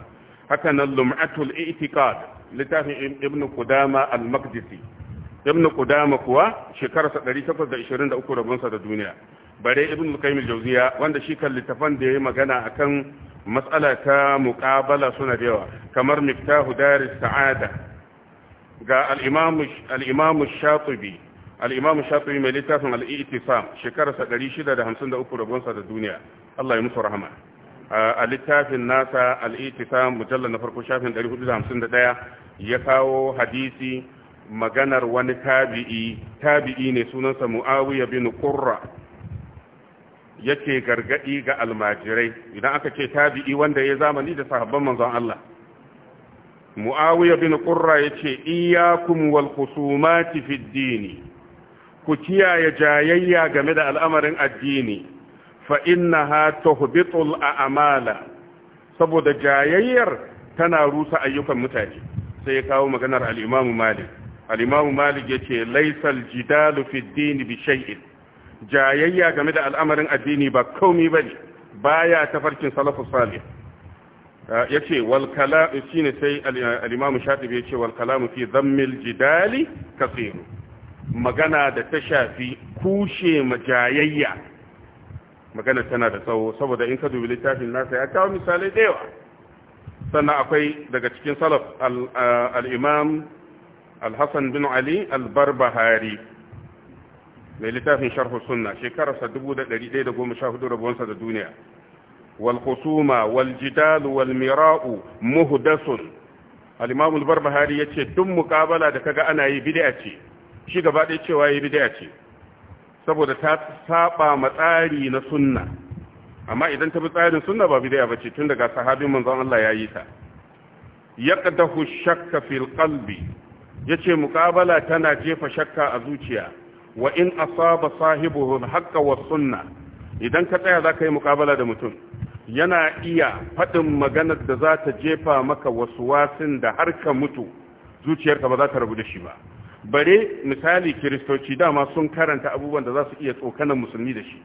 haka nan lum'atul i'tiqad littafin Ibnu Kudama al makdisi ibn qudama kuwa shekararsa 823 rabonsa da duniya bare ibn qayyim al-jawziya wanda shi kan littafan da yayi magana akan mas'ala ta muqabala suna da yawa kamar miftahu dar sa'ada ga al-imam al-imam shatibi al-imam shatibi mai littafin al-i'tisam shekararsa 653 rabonsa da duniya Allah ya musu rahama a littafin nasa al-i'tisam mujallal na farko shafin 451 ya kawo hadisi maganar wani tabi'i tabi'i ne sunansa muawiya bin qurra yake gargaɗi ga almajirai idan aka ce tabi'i wanda ya zamani da sahabban manzon Allah muawiya bin qurra yace iyyakum wal khusumati fid ku kiyaye jayayya game da al'amarin addini fa innaha tuhbitul a'mala saboda jayayyar tana rusa ayyukan mutane sai ya kawo maganar al-Imam Malik alimamu malik yace ce jidalu fi ad bi jayayya game da al'amarin addini ba ne ba ya tafarkin salafus salih yace ah, ce shi ne sai alimamu imam ya yace wal kalam fi dhammil jidali kaseer magana da ta shafi kushe majayayya magana tana da tsawo saboda in ka dubi littafin nasa ya kawo misalai da yawa sannan akwai daga cikin salaf al ah, alhassan bin ali albarbahari mai littafin sharhu sunna shekararsa 1114 rabuwansa da duniya wal da duniya. jidal wal mira'u muhdasun al-imam al-barbahari yace duk muqabala da kaga ana yi bid'a ce shi gaba ɗaya cewa yi bid'a ce saboda ta saɓa ma tsari na sunna amma idan ta bi tsarin sunna ba bid'a ce tun daga sahabin manzon Allah ya yi ta yaqdahu shakka fil qalbi ya ce muƙabala tana jefa shakka a zuciya wa in asaba sahibuhu al-haqqa sunna idan ka tsaya zaka yi muƙabala da mutum yana iya faɗin maganar da za ta jefa maka wasu wasin da har ka mutu zuciyarka ba za ta rabu da shi ba bare misali kiristoci dama sun karanta abubuwan da za su iya tsokanan musulmi da shi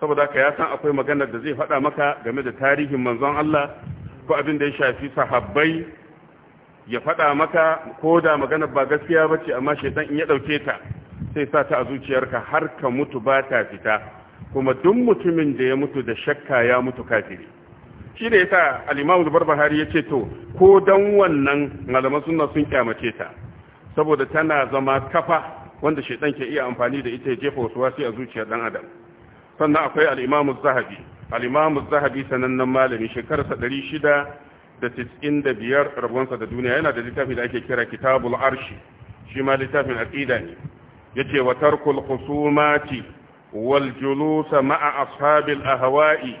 saboda ka ya san akwai maganar da zai faɗa maka game da tarihin manzon Allah ko abin da ya shafi sahabbai ya faɗa maka ko da magana ba gaskiya ba ce amma shaitan in ya ɗauke ta sai sa ta a zuciyarka har ka mutu ba ta fita kuma duk mutumin da ya mutu da shakka ya mutu kafiri shi da yasa al-Imam ya ce to ko dan wannan malaman sunna sun kyamace ta saboda tana zama kafa wanda shaitan ke iya amfani da ita ya jefa wasi a zuciyar dan adam sannan akwai al-Imam Az-Zahabi al-Imam Az-Zahabi sanannen malami shekarar da da biyar rabonsa da duniya yana da littafi da ake kira kitabul arshi shi ma littafin aqida ne yace wa tarkul khusumati wal julus ma'a ashabil ahwa'i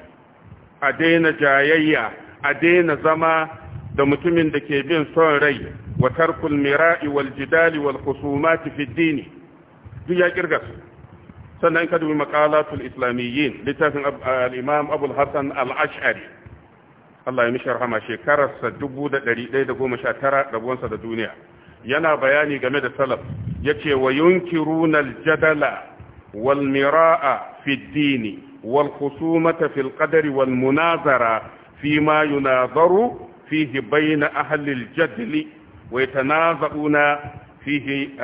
a daina jayayya a daina zama da mutumin da ke bin son rai wa tarkul mira'i wal jidali wal khusumati fi duk ya kirga sannan ka maqalatul islamiyyin littafin al-imam abul hasan al-ash'ari Allah ya mishi rahama shekararsa 1119 rabuwansa da duniya yana bayani game da salaf ya ce wa yunkiruna al-jadala wal mira'a fi wal khusumata fil qadari wal munazara fi ma yunazaru fihi bayna ahli al-jadli wa yatanaza'una fihi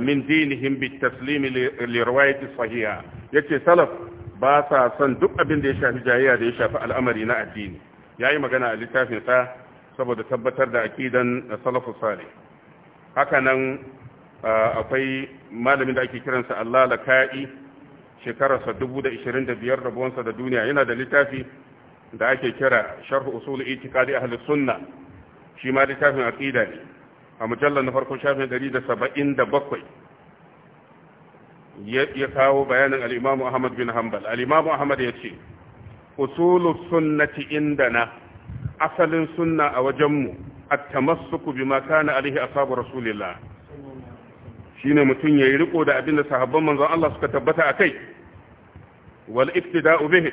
min dinihim bit-taslim li riwayati sahiha yace salaf ba sa son duk abin da ya shafi jayayya da ya shafi al'amari na addini Ya yi magana a littafin saboda tabbatar da akidan salafus salih haka nan akwai malamin da ake kiransa Allah laka'i shekararsa 2025 rabuwansa da duniya yana da littafi da ake kira sharh usul itiqadi ahli sunna shi ma littafin aqida ne a mujallar na farko shafin 177 ya kawo bayanin al-Imam Ahmad bin Hanbal al-Imam Ahmad ya ce usulu sunnati indana asalin sunna a wajenmu at-tamassuku bima kana alaihi ashabu rasulillah shine mutun yayi riko da abinda sahabban manzon Allah suka tabbata akai wal iktida'u bihi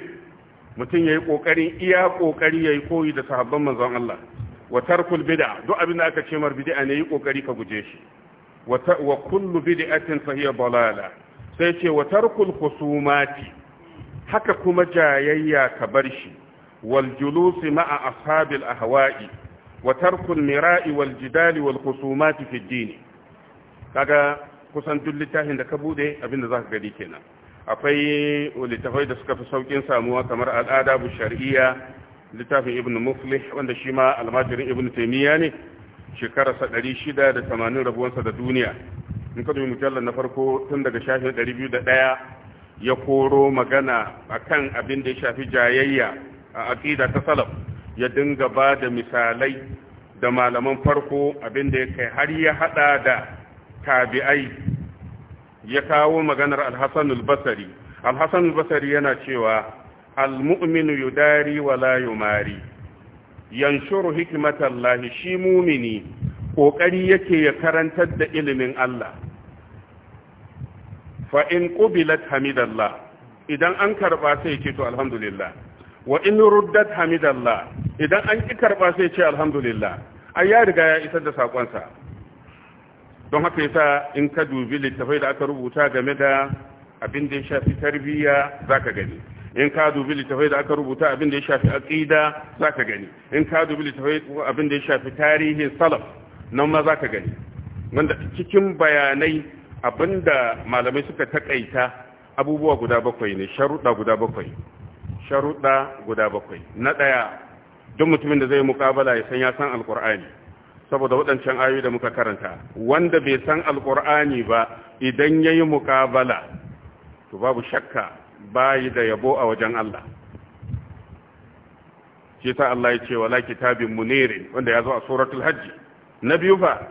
mutun yayi kokarin iya kokari yayi koyi da sahabban manzon Allah wa tarkul bid'a duk abinda aka ce mar bid'a ne yi kokari ka guje shi wa bid'atin fa hiya sai ce wa tarkul haka kuma jayayya ka bar shi wal ma ma'a ashabil ahwa'i wa tarkul mira'i wal jidali wal khusumati fi din kaga kusan duk littafin da ka bude abinda zaka gani kenan akwai littafai da suka fi saukin samuwa kamar al'ada bu shar'iyya littafin ibn muflih wanda shi ma almajirin ibn taymiya ne shekararsa 680 rabuwansa da duniya in ka dubi mujallar na farko tun daga shafin 201 ya koro magana akan abin da ya shafi jayayya a aqida ta salaf ya dinga ba da misalai da malaman farko abin da ya kai har ya haɗa da tabi'ai ya kawo maganar al-Hasan al-Basri yana cewa al-mu'minu yudari wa la yumari yanshuru hikmatallahi shi mumini ƙoƙari yake ya karantar da ilimin Allah fa in qubilat hamidallah idan an karba sai ce to alhamdulillah wa in ruddat hamidallah idan an ki karba sai ce alhamdulillah ai ya riga ya isar da sakonsa don haka yasa in ka dubi littafai da aka rubuta game da abin da ya shafi tarbiyya zaka gani in ka dubi littafai da aka rubuta abin da ya shafi aqida zaka gani in ka dubi littafai abin da ya shafi tarihin salaf nan ma zaka gani wanda cikin bayanai Abin da malamai suka takaita abubuwa guda bakwai ne sharuɗa guda bakwai sharuɗa guda bakwai na ɗaya duk mutumin da zai mukabala ya san ya san alkur'ani saboda waɗancan ayoyi da muka karanta wanda bai san alkur'ani ba idan ya yi mukabala to babu shakka bayi da yabo a wajen Allah shi ta Allah ya ce wala kitabin munirin wanda ya zo a suratul hajji na biyu fa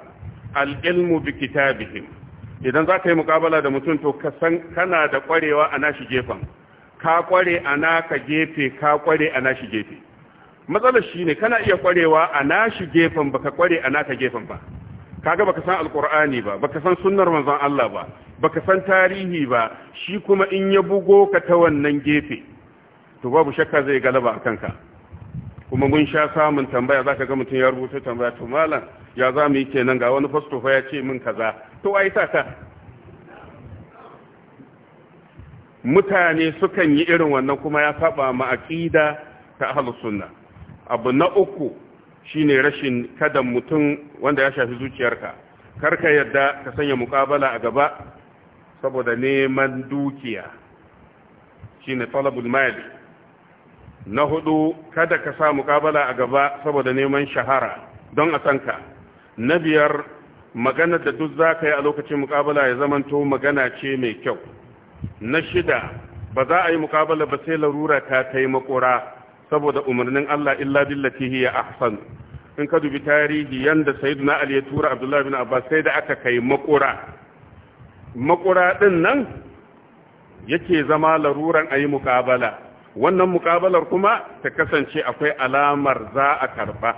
al-ilmu bi kitabihim idan za ka yi mukabala da mutum to ka san kana da kwarewa a nashi gefen ka kware a naka gefe ka kware a nashi gefe matsalar shi ne kana iya kwarewa a nashi gefen ba ka kware a naka gefen ba kaga baka san alkur'ani ba baka san sunnar manzon Allah ba baka san tarihi ba shi kuma in ya bugo ka ta wannan gefe to babu shakka zai galaba a kanka kuma mun sha samun tambaya zaka ga mutum ya rubuta tambaya to malam ya za mu yi kenan ga wani fasto ya ce min kaza to ai ta ta mutane sukan yi irin wannan kuma ya saba ma aqida ta ahlus sunna abu na uku shine rashin kada mutum wanda ya shafi zuciyarka karka yadda ka sanya muqabala a gaba saboda neman dukiya shine talabul mali na hudu kada ka sa mukabala a gaba saboda neman shahara don a sanka na biyar magana da duk za ka yi a lokacin mukabala ya zamanto magana ce mai kyau na shida ba za a yi mukabala ba sai larura ta kai makora saboda umarnin Allah illa billati hiya ahsan in ka dubi tarihi yanda sayyiduna ali ya tura abdullahi bin abbas sai da aka kai makora makora din nan yake zama laruran ayi mukabala wannan muƙabalar kuma ta kasance akwai alamar za a karba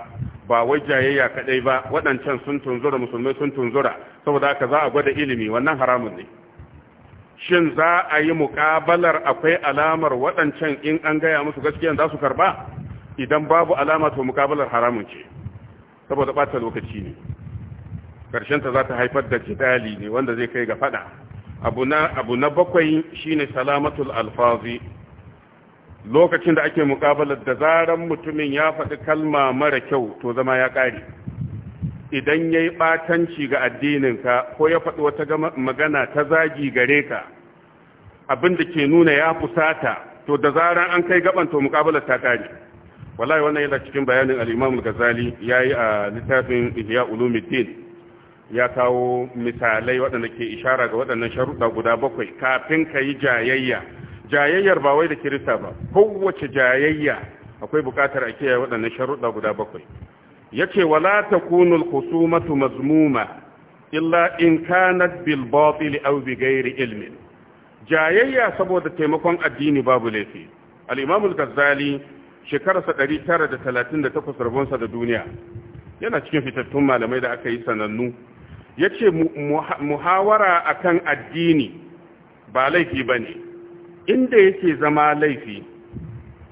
ba wai jayayya kadai ba waɗancan sun tunzura musulmai sun tunzura saboda haka za a gwada ilimi wannan haramun ne shin za a yi muƙabalar akwai alamar waɗancan in an gaya musu gaskiya za su karba idan babu alama to muƙabalar haramun ce saboda ɓata lokaci ne ta za ta haifar da jidali ne wanda zai kai ga faɗa abu na bakwai shine salamatul alfazi lokacin da ake muƙabalar da zaran mutumin ya faɗi kalma mara kyau to zama ya ƙare idan ya yi ɓatanci ga addininka ko ya faɗi wata magana ta zagi gare ka abin da ke nuna ya fusata to da zaran an kai gaban to muƙabalar ta ƙare wallahi wannan yana cikin bayanin al gazali ya yi yayi a littafin Ihya Ulumuddin ya kawo misalai waɗanda ke ishara ga waɗannan sharuɗa guda bakwai kafin ka yi jayayya jayayyar ba wai da kirista ba kowace jayayya akwai bukatar a kiyaye waɗannan sharuɗa guda bakwai yace wala takunu kusumatu mazmuma illa in kanat bil batil bi ghairi ilmin jayayya saboda taimakon addini babu laifi al-imam al-ghazali da takwas rabonsa da duniya yana cikin fitattun malamai da aka yi sanannu yace muhawara akan addini ba laifi bane inda yake zama laifi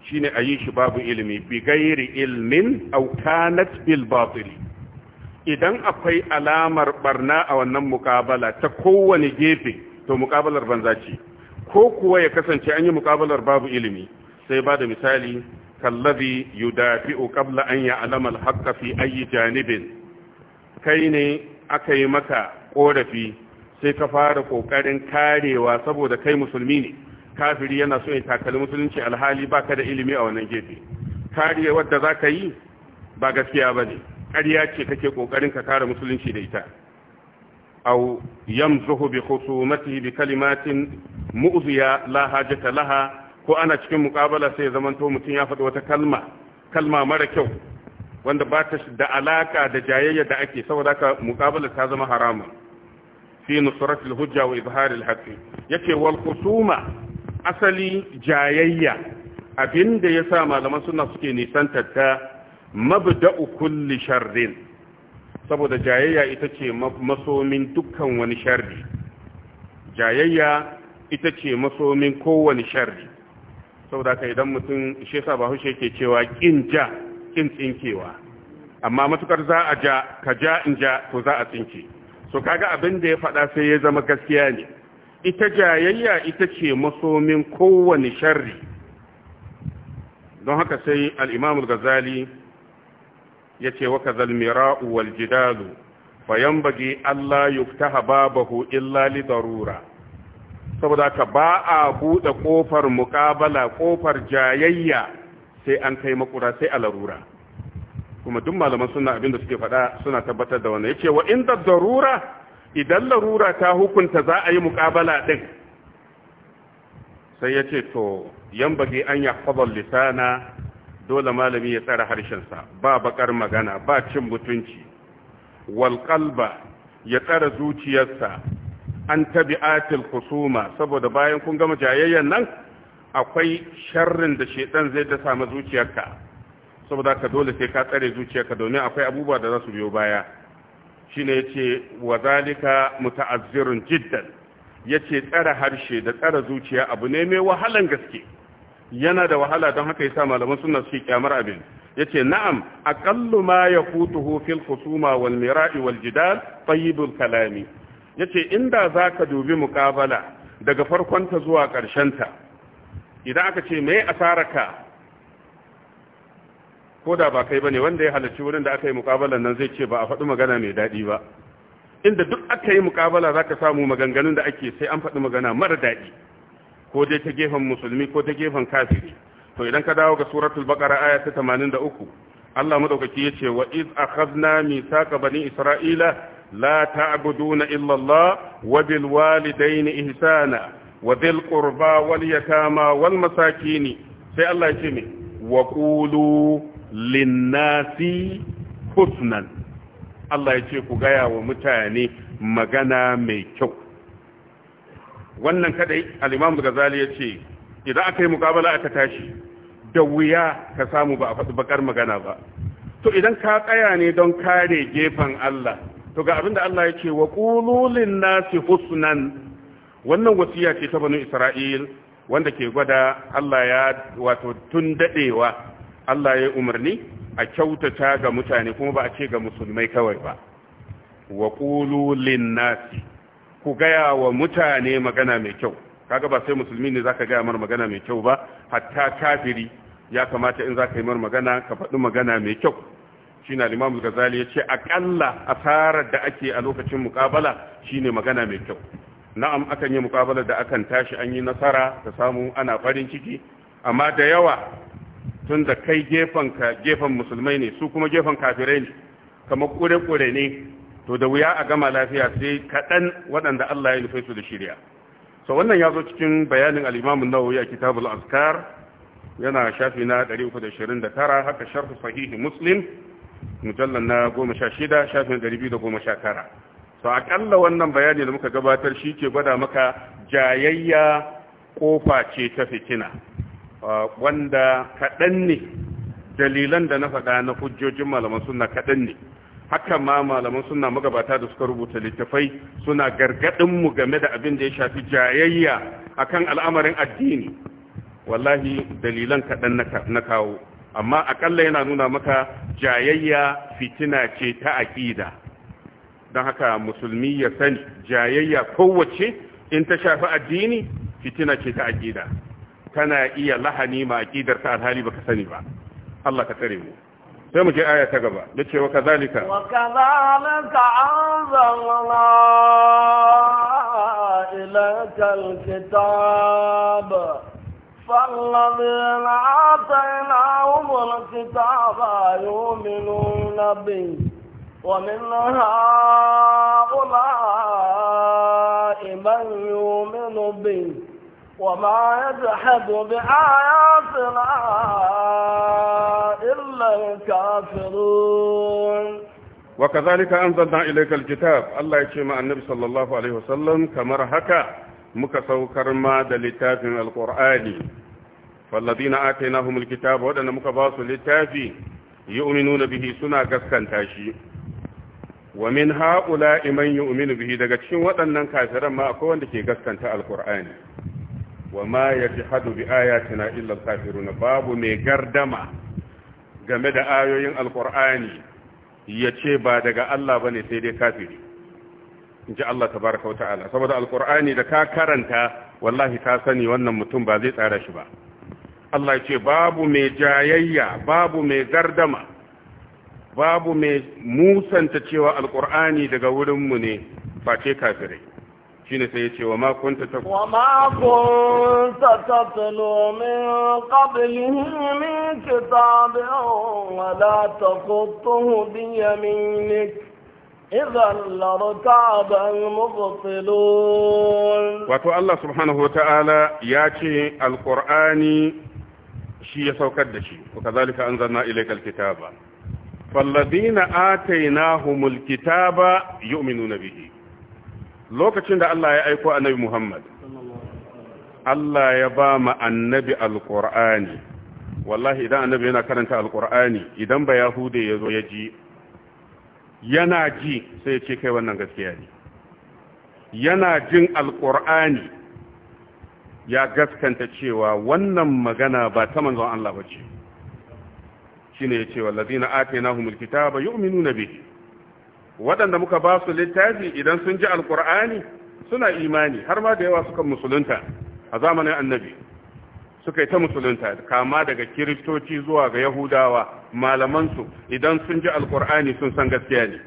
shine a yi shi babu ilimi bi gairi ilmin aukanat bil idan akwai alamar barna a wannan mukabala ta kowane gefe to mukabalar banza ce ko kuwa ya kasance an yi mukabalar babu ilimi sai ba da misali kallabi yudafi'u qabla an ya'lama al haqq fi ayi janibin kai ne aka yi maka korafi sai ka fara kokarin karewa saboda kai musulmi ne kafiri yana so ya takali musulunci alhali baka da ilimi a wannan gefe kariya wadda za ka yi ba gaskiya ba ne ƙarya ce kake ƙoƙarin ka kare musulunci da ita au yamzuhu bi khusumatihi bi kalimatin mu'ziya la hajata laha ko ana cikin muqabala sai ya zamanto mutum ya faɗi wata kalma kalma mara kyau wanda ba ta da alaka da jayayya da ake saboda ka muqabala ta zama haramun fi nusratil hujja wa izharil haqqi yace wal khusuma asali jayayya abinda ya sa malaman suna suke nisantar ta mabda'u kulli sharrin saboda jayayya ita ce masomin dukkan wani sharri jayayya ita ce masomin kowane sharri saboda ka idan mutum shi yasa ba hushe ke cewa kin ja kin tsinkewa amma matukar za a ja ka ja in ja to za a tsinke so kaga abin da ya faɗa sai ya zama gaskiya ne ita jayayya ita ce masomin kowane sharri don haka sai al'imamul gazali ya ce waka zalmira'u wal jidalu bayan bagi Allah yuktaha babahu illa li darura saboda ka ba a buɗe ƙofar muƙabala ƙofar jayayya sai an kai makura sai a larura kuma duk malaman suna abinda suke faɗa suna tabbatar da wannan ya ce wa inda darura idan larura ta hukunta za a yi muƙabala ɗin sai ya ce to yan bage an ya lisana dole malami ya tsara harshensa ba bakar magana ba cin mutunci walƙalba ya tsara zuciyarsa an tabi'atil kusuma saboda bayan kun gama jayayyan nan akwai sharrin da shedan zai da samu zuciyarka saboda ka dole sai ka tsare zuciyarka domin akwai abubuwa da za su biyo baya shine yace wa zalika muta'azzirun jiddan yace tsara harshe da tsara zuciya abu ne mai wahalan gaske yana da wahala don haka yasa malaman sunna suke kyamar abin yace na'am aqallu ma yaqutuhu fil khusuma wal mira'i wal jidal tayyibul kalami yace inda zaka dubi muƙabala daga farkon ta zuwa karshen ta idan aka ce me asaraka ko da ba kai bane wanda ya halarci wurin da aka yi mukabalan nan zai ce ba a faɗi magana mai daɗi ba inda duk aka yi mukabala zaka samu maganganun da ake sai an faɗi magana mara daɗi ko dai ta gefen musulmi ko ta gefen kafiri to idan ka dawo ga suratul baqara aya ta 83 Allah madaukaki yace wa iz akhadna mithaqa bani isra'ila la ta'buduna illa Allah wa bil walidayni ihsana wa dhil qurba wal yatama wal masakin sai Allah ce me wa qulu linnasi husnan Allah ya ce ku gaya wa mutane magana mai kyau wannan kadai al-Imam Ghazali ya ce idan aka yi mukabala aka tashi da wuya ka samu ba a faɗi bakar magana ba to idan ka tsaya ne don kare gefen Allah to ga abinda Allah ya ce wa qulu linnasi husnan wannan wasiya ce ta banu Isra'il wanda ke gwada Allah ya wato tun dadewa Allah ya umarni a kyautata ga mutane kuma ba a ce ga musulmai kawai ba wa qulu linnasi ku gaya wa mutane magana mai kyau kaga ba sai musulmi ne zaka gaya mar magana mai kyau ba hatta kafiri ya kamata in zaka yi mar magana ka faɗi magana mai kyau shine al-Imam Ghazali yace akalla asarar da ake a lokacin muqabala shine magana mai kyau na'am akan yi muqabala da akan tashi an yi nasara ta samu ana farin ciki amma da yawa tun da kai ka gefen musulmai ne su kuma gefen kafirai ne kamar kure-kure ne to da wuya a gama lafiya sai kaɗan waɗanda Allah ya nufe su da shirya so wannan ya zo cikin bayanin al'imamun nawawi a kitabul azkar yana shafi na 329 haka sharh sahihi muslim mujallar na 16 shafin 219 so akalla wannan bayani da muka gabatar shi ke gwada maka jayayya kofa ce ta fitina wanda kaɗan ne dalilan da na faɗa na hujjojin malaman suna kaɗan ne haka ma malaman suna magabata da suka rubuta littafai suna gargaɗin mu game da abin da ya shafi jayayya akan al'amarin addini wallahi dalilan kaɗan na kawo amma akalla yana nuna maka jayayya fitina ce ta aƙida don haka musulmi ya sani jayayya kowace in ta shafi addini fitina ce ta aƙida kana iya lahani ma aqidar ka alhali baka sani ba Allah ka tsare mu sai mu je aya ta gaba da cewa kazalika wa kazalika anzalna ilayka alkitab فالذين آتيناهم الكتاب يؤمنون به ومن هؤلاء من يؤمن به وما يجحد بآياتنا إلا الكافرون وكذلك أنزلنا إليك الكتاب الله يشمع النبي صلى الله عليه وسلم كما هكا مكسو كرما دلتاف القرآن فالذين آتيناهم الكتاب ودنا مكباس للتافي يؤمنون به سنة قسكن تاشي ومن هؤلاء من يؤمن به دقا تشين ودنا كافرا ما أكون لكي قسكن القرآن wa ma yajhadu bi ayatina illa al-kafirun babu mai gardama game da ayoyin ya yace ba daga Allah bane sai dai kafiri in ji Allah tabaaraka wa ta'ala saboda alqur'ani da ka karanta wallahi ka sani wannan mutum ba zai tsara shi ba Allah yace babu mai jayayya babu mai gardama babu mai musanta cewa alkur'ani daga wurin mu ne face kafirai shine sai yace wa ma kunta ta wa ma kunta tatlu min qablihi min kitabin wa la taqutuhu bi yaminik idan lartaba al-mubtilun wato Allah subhanahu wata'ala yace alqur'ani shi ya saukar da shi wa kazalika anzalna ilayka al-kitaba فالذين آتيناهم الكتاب يؤمنون به lokacin da Allah ya aiko annabi Muhammad Allah ya ba mu annabi alqur'ani wallahi idan annabi yana karanta alqur'ani idan ba yahude yazo ya ji yana ji sai ya ce kai wannan gaskiya ne yana jin alqur'ani ya gaskanta cewa wannan magana ba ta manzon Allah bace shine yace wallazina atainahumul kitaba yu'minuna bihi waɗanda muka ba su littafi idan sun ji alkur'ani suna imani har ma da yawa suka musulunta a zamanin annabi suka yi ta musulunta kama daga kiristoci zuwa ga yahudawa malamansu idan sun ji alkur'ani sun san gaskiya ne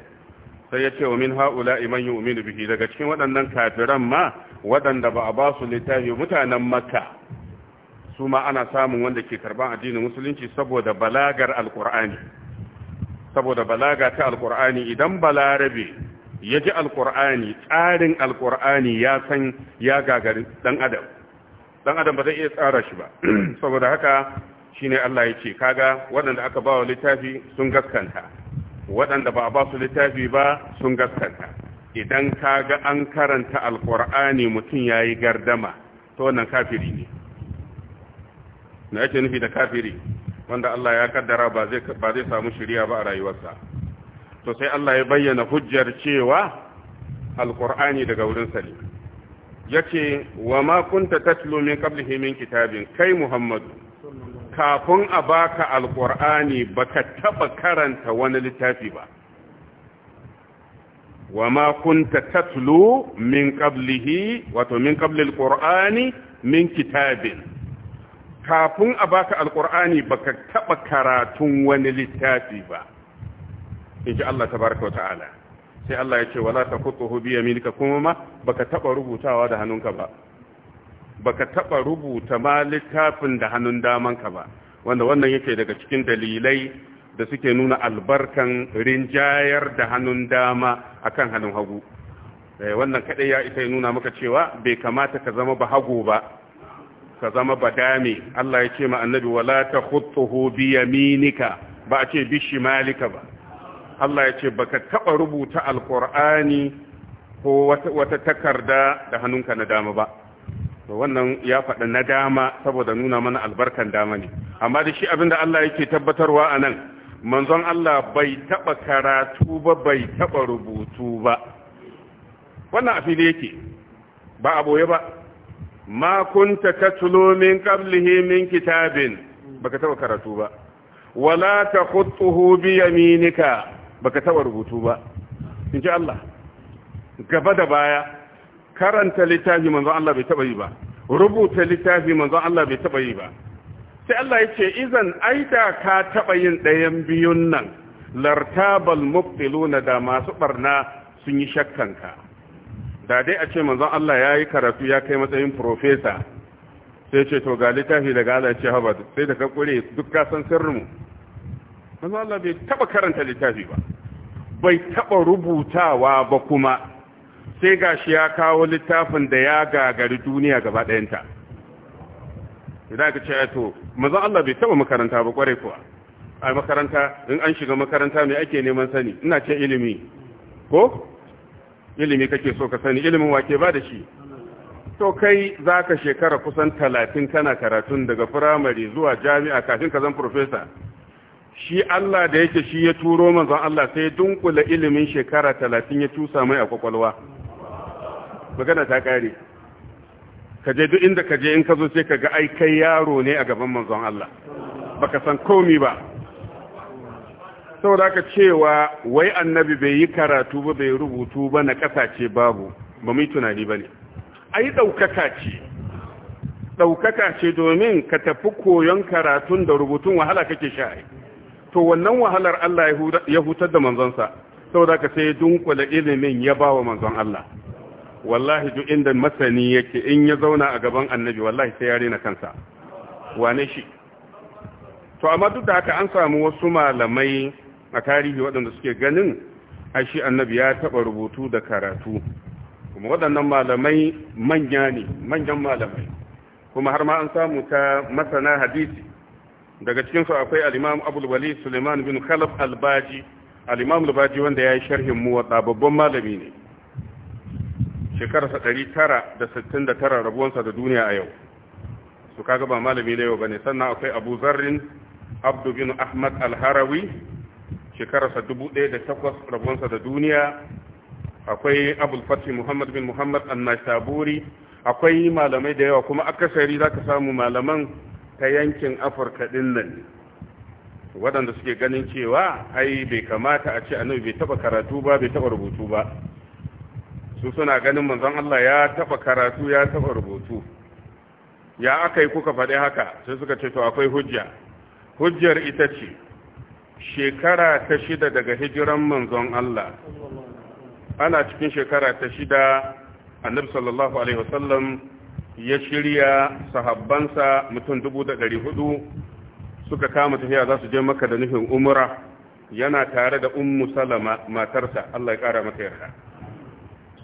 sai ya ce wa min haula iman umini bihi daga cikin waɗannan kafiran ma waɗanda ba a ba su littafi mutanen makka su ma ana samun wanda ke karban addinin musulunci saboda balagar alkur'ani saboda balaga ta alkur'ani idan balarabe ya ji alkur'ani tsarin alkur'ani ya san ya gagari dan adam dan adam ba zai iya tsara shi ba [clears throat] saboda haka shine Allah ya ce kaga waɗanda aka ba wa littafi sun gaskanta waɗanda ba a ba su littafi ba sun gaskanta idan kaga an karanta alkur'ani mutum ya yi gardama to wannan kafiri ne na yake nufi da kafiri wanda Allah ya kaddara ba zai samu shiriya ba a rayuwarsa to sai Allah ya bayyana hujjar cewa alqur'ani daga wurin sa ne yace wa ma kunta tatlu min qablihi min kitabin kai muhammadu kafin a baka alqur'ani baka taba karanta wani littafi ba wa ma kunta tatlu min qablihi wato min qabli alqur'ani min kitabin kafin a baka alkur'ani baka taba karatun wani littafi ba inji Allah tabaraka ta'ala sai Allah ya ce wala taqutuhu bi yaminika kuma ma baka taba rubutawa da hannunka ba baka taba rubuta ma littafin da hannun damanka ba wanda wannan yake daga cikin dalilai da suke nuna albarkan rinjayar da hannun dama akan hannun hagu eh, wannan kadai ya isa nuna maka cewa bai kamata ka zama ba hagu ba ka zama badami Allah ya ce ma annabi wala ta khutuhu bi yaminika ba a ce bi shimalika ba Allah ya ce baka taba rubuta alqur'ani ko wata takarda da hannunka na dama ba to wannan ya faɗa na dama saboda nuna mana albarkan dama ne amma da shi abinda Allah yake tabbatarwa anan manzon Allah bai taba karatu ba bai taba rubutu ba wannan a fili yake ba a boye ba ma kunta tatlu min qablihi min kitabin baka taba karatu ba wala ta taqutuhu bi yaminika baka taba rubutu ba in ji Allah gaba da baya karanta littafi manzo Allah bai taba yi ba rubuta littafi manzo Allah bai taba yi ba sai Allah yace idan da ka taba yin dayan biyun nan lartabal muqtiluna da masu barna sun yi shakkanka da dai a ce manzon Allah ya yi karatu ya kai matsayin profesa sai ce to ga littafi daga Allah ce haba sai da ka duk ka san sirrinmu manzon Allah bai taba karanta littafi ba bai taba rubutawa ba kuma sai gashi ya kawo littafin da ya gagari duniya gaba ɗayanta idan ka ce to manzon Allah bai taba makaranta ba kware kuwa a makaranta in an shiga makaranta me ake neman sani ina ce ilimi ko ilimi kake so ka sani ilimin wake ba da shi to kai za shekara kusan talatin kana karatun daga firamare zuwa jami'a kafin ka zan profesa shi Allah da yake shi ya turo manzon Allah sai dunkula ilimin shekara talatin ya tusa mai a kwakwalwa magana ta kare ka je duk inda ka je in ka zo sai ka ga ai kai yaro ne a gaban manzon Allah baka san komi ba saboda ka cewa wai annabi bai yi karatu ba bai rubutu ba na kasace babu ba mai tunani ba ne ai ɗaukaka ce ɗaukaka ce domin ka tafi koyon karatun da rubutun wahala kake sha'ai to wannan wahalar Allah ya hutar da manzonsa saboda ka sai dunkula ilimin ya ba wa manzon Allah wallahi duk inda masani yake in ya zauna a gaban annabi wallahi sai ya rena kansa wane shi to amma duk da haka an samu wasu malamai a tarihi waɗanda suke ganin ashi annabi ya taɓa rubutu da karatu kuma waɗannan malamai manya ne manyan malamai kuma har ma an samu ta masana hadisi daga cikinsu akwai al'imam abulwali suleiman bin khalaf albaji al'imam albaji wanda ya yi sharhin muwatsa babban malami ne shekararsa 969 rabuwansa da duniya a yau su kaga ba malami da yau ba ne sannan akwai abu zarrin abdu bin ahmad alharawi shekararsa dubu ɗaya da takwas rabonsa da duniya akwai abul fatih muhammad bin muhammad annashaburi akwai malamai da yawa kuma akasari za ka samu malaman ta yankin afirka ɗin nan waɗanda suke ganin cewa ai bai kamata a ce annabi bai taɓa karatu ba bai taɓa rubutu ba su suna ganin manzon Allah ya taɓa karatu ya taɓa rubutu ya aka yi kuka faɗi haka sai suka ce to akwai hujja hujjar ita ce shekara ta shida daga hijiran manzon Allah ana cikin shekara ta shida annabi sallallahu alaihi wasallam ya shirya sahabbansa mutum dubu da dari hudu suka kama tafiya za su je maka da nufin umra yana tare da ummu salama matarsa Allah ya kara mata yarda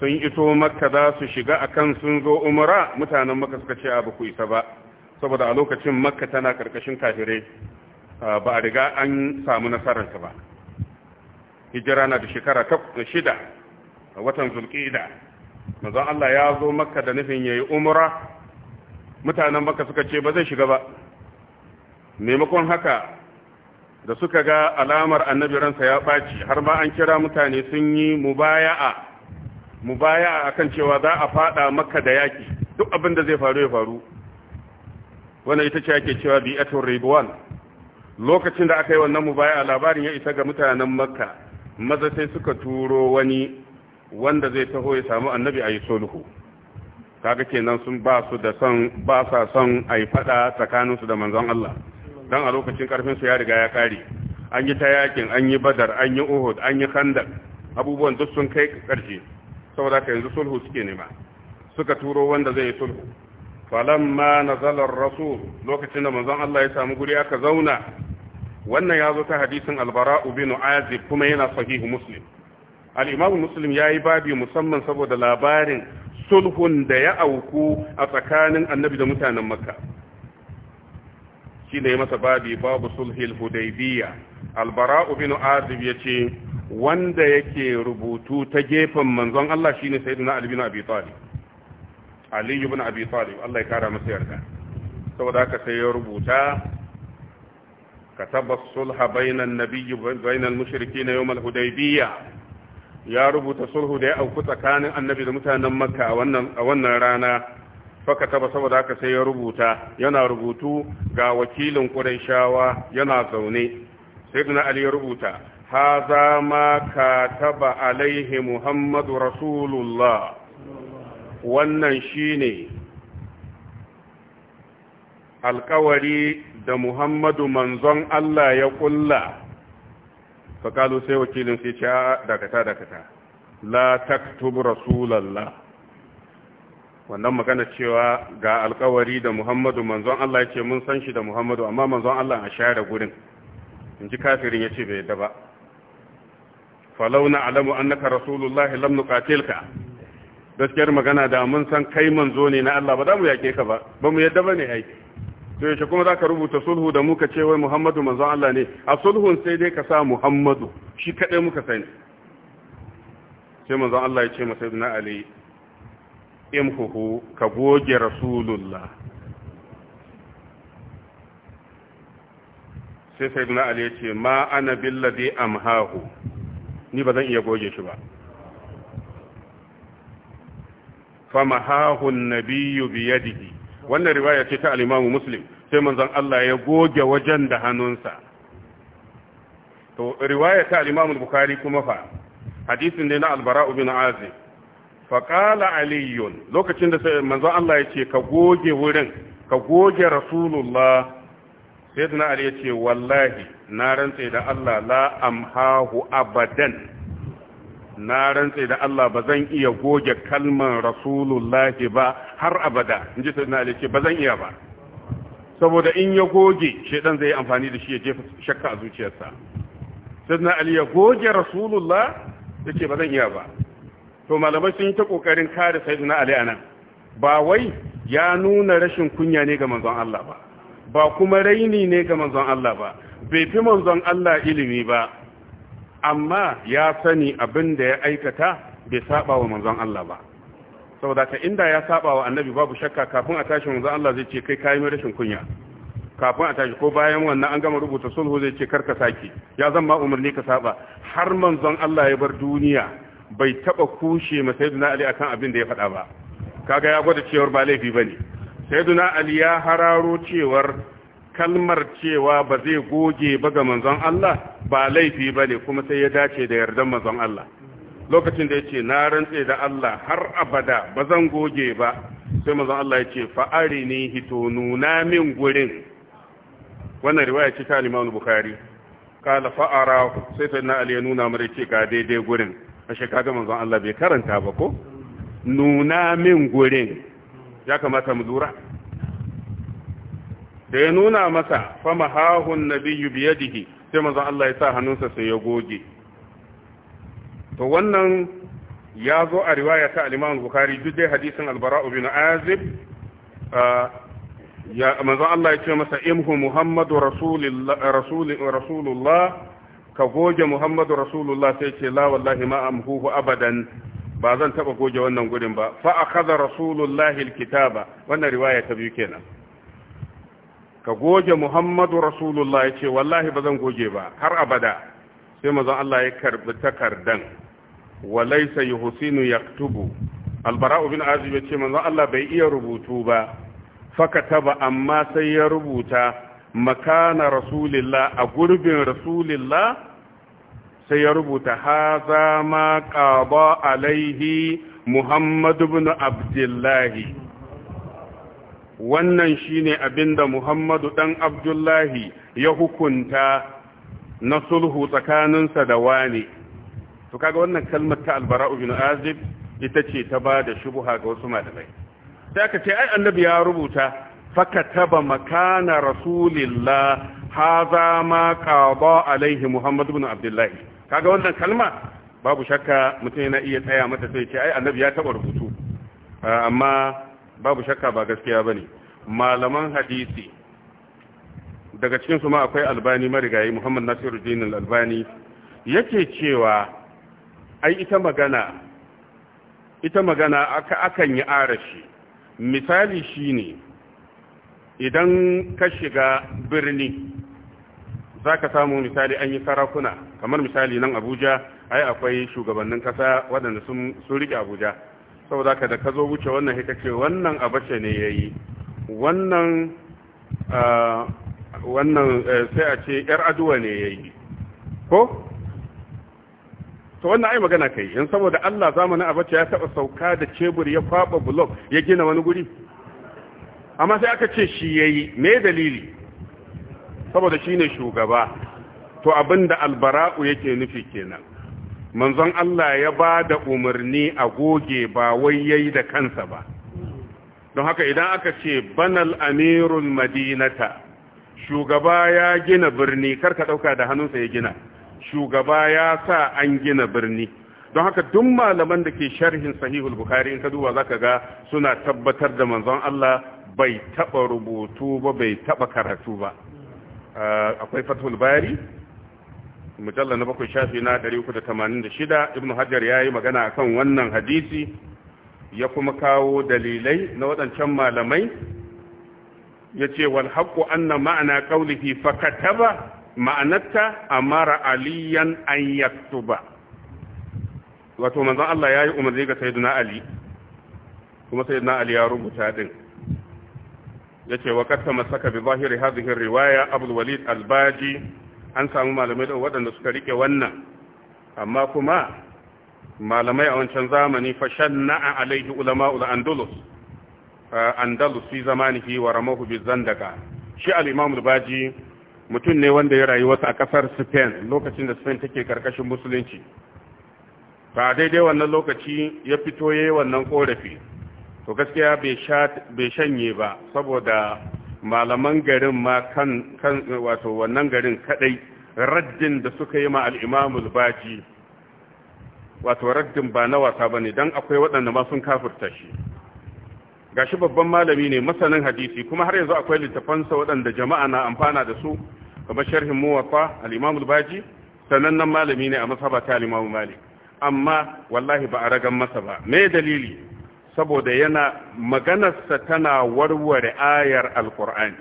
sun ito makka za su shiga akan sun zo umra mutanen makka suka ce abu ku isa ba saboda a lokacin makka tana karkashin kafirai ba a riga an samu nasararsa ba hijira na da shekara shida a watan zulƙida mazan Allah ya zo makka da nufin ya yi umura mutanen makka suka ce ba zai shiga ba maimakon haka da suka ga alamar annabi ransa ya ɓaci har ma an kira mutane sun yi mubaya'a mubaya'a akan cewa za a fada makka da yaki duk abin da zai faru ya faru wannan ita ce ake cewa bi'atul ridwan lokacin da aka yi wannan mubaya labarin ya isa ga mutanen makka maza sai suka turo wani wanda zai taho ya samu annabi a yi sulhu kaga kenan sun ba su da son ba sa son a yi fada tsakaninsu da manzon Allah don a lokacin karfinsu ya riga ya kare an yi ta yakin an yi badar an yi uhud an yi khandak abubuwan duk sun kai karshe saboda ka yanzu sulhu suke nema suka turo wanda zai yi sulhu falamma nazala rasul lokacin da manzon Allah ya samu guri aka zauna wannan ya zo ta hadisin albara'u bin azib kuma yana sahihu muslim al-imamu ya yayi babi musamman saboda labarin sulhun da ya auku a tsakanin annabi da mutanen makka shine masa babi babu sulhil hudaybiya albara'u bin azib yace wanda yake rubutu ta gefen manzon Allah shine sayyidina ali bin abi talib Aliyu bin abi Allah ya kara masa yarda saboda haka sai ya rubuta كتب الصلح بين النبي بين المشركين يوم الهديبية يا رب تصلح ده أو كتكان النبي متانا مكة أو رانا fakataba saboda haka sai ya rubuta yana rubutu ga wakilin ƙuraishawa yana zaune sai ali ya rubuta haza ma kataba alaihi muhammadu rasulullah wannan shine alkawari da muhammadu manzon Allah ya kulla faƙalu sai wakilin sai ce dakata dakata la taktub rasulallah wannan magana cewa ga alkawari da muhammadu manzon Allah ya ce mun san shi da muhammadu amma manzon Allah a share gurin in ji kafirin ya ce bai yadda ba falau na alamu annaka rasulullahi lam nuqatilka gaskiyar magana da mun san kai manzo ne na Allah ba za mu yake ka ba ba mu yadda ba ne aiki to yace kuma zaka rubuta sulhu da muka ce wai Muhammadu manzon Allah ne a sulhun sai dai ka sa Muhammadu shi kadai muka sani sai manzon Allah ya ce masa sayyidina Ali imhuhu ka goge rasulullah sai sayyidina Ali ya ce ma ana billadhi amhahu ni ba zan iya goge shi ba famahahu an-nabiyyu biyadihi wannan riwaya ce ta al-Imam Muslim sai manzon Allah ya goge wajen da hannunsa to riwaya ta imam bukhari kuma fa hadisin ne na al-Bara ibn Azib fa qala Ali lokacin da sai manzon Allah ya ce ka goge wurin ka goge Rasulullah sayyidina Ali ya ce wallahi na rantsa da Allah la amhahu abadan na rantse da Allah ba zan iya goge kalman Rasulullah ba har abada in ji sayyidina ali ce ba zan iya ba saboda in ya goge shaidan zai yi amfani da shi ya jefa shakka a zuciyarsa sannan ali ya goge rasulullah ya ce ba zan iya ba to malamai sun yi ta kokarin kare sayyidina ali anan ba wai ya nuna rashin kunya ne ga manzon Allah ba ba kuma raini ne ga manzon Allah ba bai fi manzon Allah ilimi ba amma ya sani abin da ya aikata bai saba wa manzon Allah ba saboda ka inda ya saba wa annabi babu shakka kafin a tashi manzo Allah zai ce kai kayan mai rashin kunya kafin a tashi ko bayan wannan an gama rubuta sulhu zai ce karka saki ya zan ma umarni ka saba har manzon Allah ya bar duniya bai taba kushe ma sayyidina Ali akan abin da ya faɗa ba kaga ya gwada cewar ba laifi bane sayyidina Ali ya hararo cewar kalmar cewa ba zai goge ba ga manzon Allah ba laifi bane kuma sai ya dace da yardan manzon Allah lokacin da ce na rantse da Allah har abada ba zan goge ba sai manzon Allah yace fa arini hito nuna min gurin wannan riwaya ce ta Imam Bukhari kala fa sai ta na Ali nuna mara ce ga daidai gurin ashe kaga manzon Allah bai karanta ba ko nuna min gurin ya kamata mu lura da ya nuna masa fama hahun nabiyyu biyadihi sai manzon Allah ya sa hannunsa sai ya goge to wannan ya zo a riwaya ta al Bukhari duk dai hadisin albarau bara ibn Azib ya manzo Allah ya ce masa imhu Muhammadu rasulullah ka goge Muhammadu rasulullah sai ce la wallahi ma abadan ba zan taba goge wannan gurin ba fa kaza rasulullah kitaba wannan riwaya ta biyu kenan ka goge Muhammadu rasulullah ya ce wallahi ba zan goge ba har abada sai manzo Allah ya karbi takardan wa laysa yuhsinu yaktubu albara'u bin azib ce manzo Allah bai iya rubutu ba Faka taba amma sai ya rubuta makana rasulillah a gurbin rasulillah sai ya rubuta haza ma qada alaihi muhammad ibn abdullah wannan shine abinda muhammadu dan abdullahi ya hukunta na sulhu tsakaninsa da wani to kaga wannan kalmar ta albara'u bin azib ita ce ta ba da shubuha ga wasu malamai sai aka ce ai annabi ya rubuta fakataba makana rasulillah haza ma qada alaihi muhammad ibn abdullahi kaga wannan kalma babu shakka mutum yana iya tsaya mata sai ce ai annabi ya taba rubutu ah, amma babu shakka ba gaskiya bane malaman hadisi daga cikin su ma akwai albani marigayi muhammad nasiruddin al-albani yake cewa ai ita magana ita magana aka akan yi arashi misali shine idan ka shiga birni zaka samu misali an yi sarakuna kamar misali nan Abuja ai akwai shugabannin kasa waɗanda sun sun rike Abuja saboda ka da ka zo wuce wannan hika ce wannan abace ne yayi wannan ah, wannan eh, sai a ce yar aduwa ne yayi ko to wannan ai magana kai in saboda Allah zamanin abace ya taba sauka da cebur ya kwaba block ya gina wani guri amma sai aka ce shi yayi me dalili saboda shine shugaba to abinda albara'u yake nufi kenan manzon Allah ya ba da umarni a goge ba wai yayi da kansa ba don haka idan aka ce banal amirul madinata shugaba ya gina birni karka dauka da hannunsa ya gina shugaba ya sa an gina birni don haka duk malaman da ke sharhin sahihul bukhari in ka duba zaka ga suna tabbatar da manzon Allah bai taba rubutu ba bai taba karatu ba uh, akwai fathul bari mujalla na bakwai shafi na 386 ibnu hajar ya yi magana akan wannan hadisi ya kuma kawo dalilai na waɗancan malamai yace wal haqqu anna ma'ana qawlihi fakataba ma'anarta mara aliyan an ba wato manzon Allah ya yi umarni ga sayyidina Ali kuma sayyidina Ali ya rubuta din yace wa kad masaka bi zahiri hadhihi riwaya Abu Walid an samu malamai da waɗanda suka rike wannan amma kuma malamai a wancan zamani fa shanna'a alaihi ula andalus andalus fi zamanihi wa ramahu bi zandaka shi al-Imam al-Baji mutum ne wanda ya rayu wasu a kasar spain lokacin da spain take karkashin musulunci ba daidai wannan lokaci ya fito ya yi wannan korafi to gaskiya bai shanye ba saboda malaman garin ma kan wato wannan garin kadai raddin da suka yi ma al'imamul baji wato raddin ba na wasa ba ne don akwai waɗanda ma sun kafurta shi gashi babban malami ne masanin hadisi kuma har yanzu akwai littafansa waɗanda jama'a na amfana da su kamar sharhin muwafa al-imam al-baji sanannen malami ne a masaba ta al-imam malik amma wallahi ba a ragan masa ba me dalili saboda yana maganarsa tana warware ayar al-qur'ani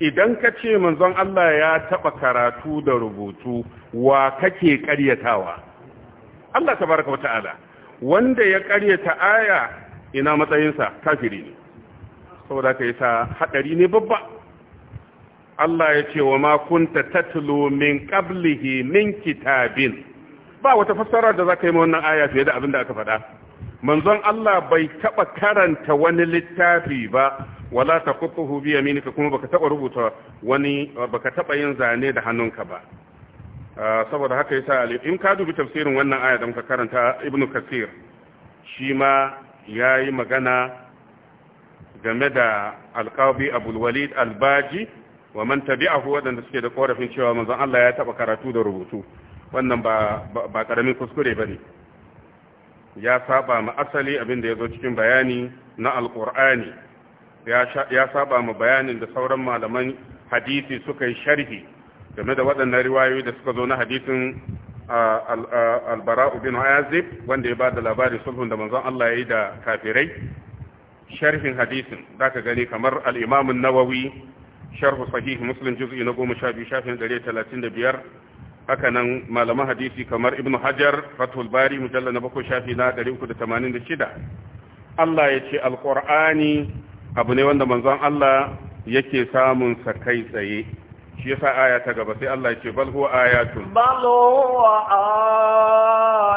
idan ka ce manzon Allah ya taba karatu da rubutu wa kake karyatawa Allah tabaraka wata'ala wanda ya karyata aya ina matsayinsa kafiri ne saboda ka yi sa hadari ne babba Allah ya ce wa ma kunta tatlu min qablihi min kitabin ba wata fassara da zaka yi ma wannan aya fiye da abin da aka faɗa manzon Allah bai taba karanta wani littafi ba wala taqutuhu bi yaminika kuma baka taba rubuta wani baka taba yin zane da hannunka ba ah, saboda haka yasa in ka dubi tafsirin wannan aya da muka karanta ibnu kasir shi ma yayi magana game da alqabi abul walid albaji wa man tabi'ahu wadanda suke da korafin cewa manzon Allah ya taba karatu da rubutu wannan ba ba karamin kuskure bane ya saba ma asali abinda yazo cikin bayani na alqur'ani ya saba ma bayanin da sauran malaman hadisi suka yi sharhi game da wadannan riwayoyi da suka zo na hadisin al-bara'u bin azib wanda ya ba da labari sulhun da manzon Allah ya yi da kafirai sharhin hadisin zaka gani kamar an nawawi sharhu sahih muslim juz'i na goma sha biyu shafin ɗari talatin da biyar haka nan malaman hadisi kamar ibnu hajar fathul bari mujalla na bakwai shafi na ɗari uku da tamanin da shida Allah ya ce alƙur'ani abu ne wanda manzon Allah yake samun sa kai tsaye shi yasa aya ta gaba sai Allah ya ce bal huwa ayatun bal huwa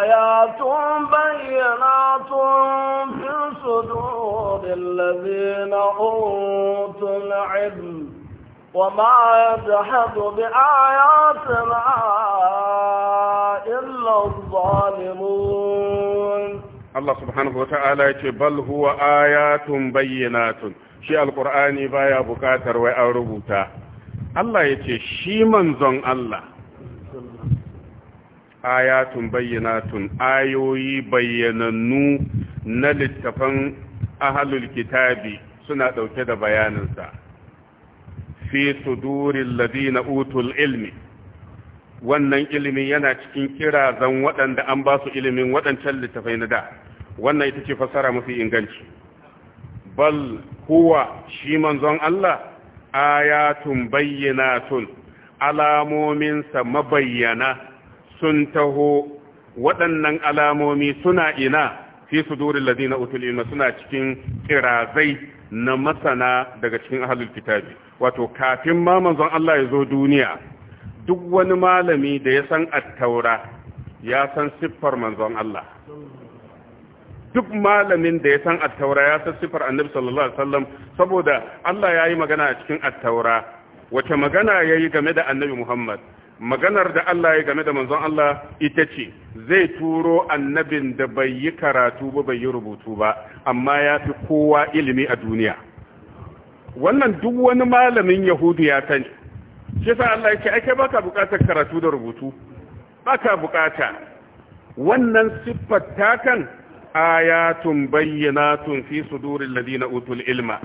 ayatun bayyinatun fi suduril ladina utul ilm وما يجحد بآياتنا إلا الظالمون الله سبحانه وتعالى بل هو آيات بينات شيء القرآن بايا بكاتر وأربوتا Allah ya ce, Shi manzon Allah, ayatun bayyanatun ayoyi bayyanannu na littafan ahalul kitabi suna ɗauke da bayaninsa. fi sudurin ladina utul ilmi wannan ilimi yana cikin kirazan waɗanda an ba su ilimin waɗancan littafai na da wannan ita ce fasara mafi inganci bal kuwa shi manzon Allah ayatun sun alamominsa mabayyana sun taho waɗannan alamomi suna ina fi sudurin ladina utul ilmi suna cikin kirazai na masana daga cikin ahlul kitabi wato kafin ma manzon Allah ya zo duniya duk wani malami da ya san attaura ya san siffar manzon Allah duk malamin da ya san attaura ya san siffar annabi sallallahu alaihi wasallam saboda Allah ya yi magana a cikin attaura wace magana ya yi game da annabi Muhammad maganar da Allah ya yi game da manzon Allah ita ce zai turo annabin da bai yi karatu ba bai yi rubutu ba amma ya fi kowa ilimi a duniya wannan duk wani malamin yahudu ya sani shi sa Allah yake ake baka bukatar karatu da rubutu baka bukata wannan siffar takan ayatun bayyinatun fi sudurin ladina utul ilma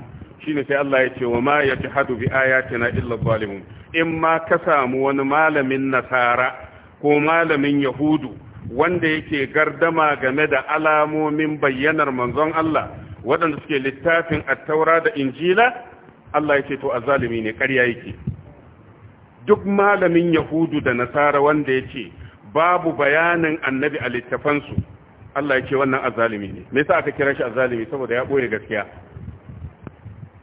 shine sai Allah ya ce wa ma yajhadu bi ayatina illa zalimun in ma ka samu wani malamin nasara ko malamin yahudu wanda yake gardama game da alamomin bayyanar manzon Allah waɗanda suke littafin attaura da injila Allah ya ce to azalimi ne ƙarya yake duk malamin yahudu da nasara wanda ya ce babu bayanin annabi a littafansu Allah ya ce wannan azalimi ne me yasa aka kira shi azalimi saboda ya boye gaskiya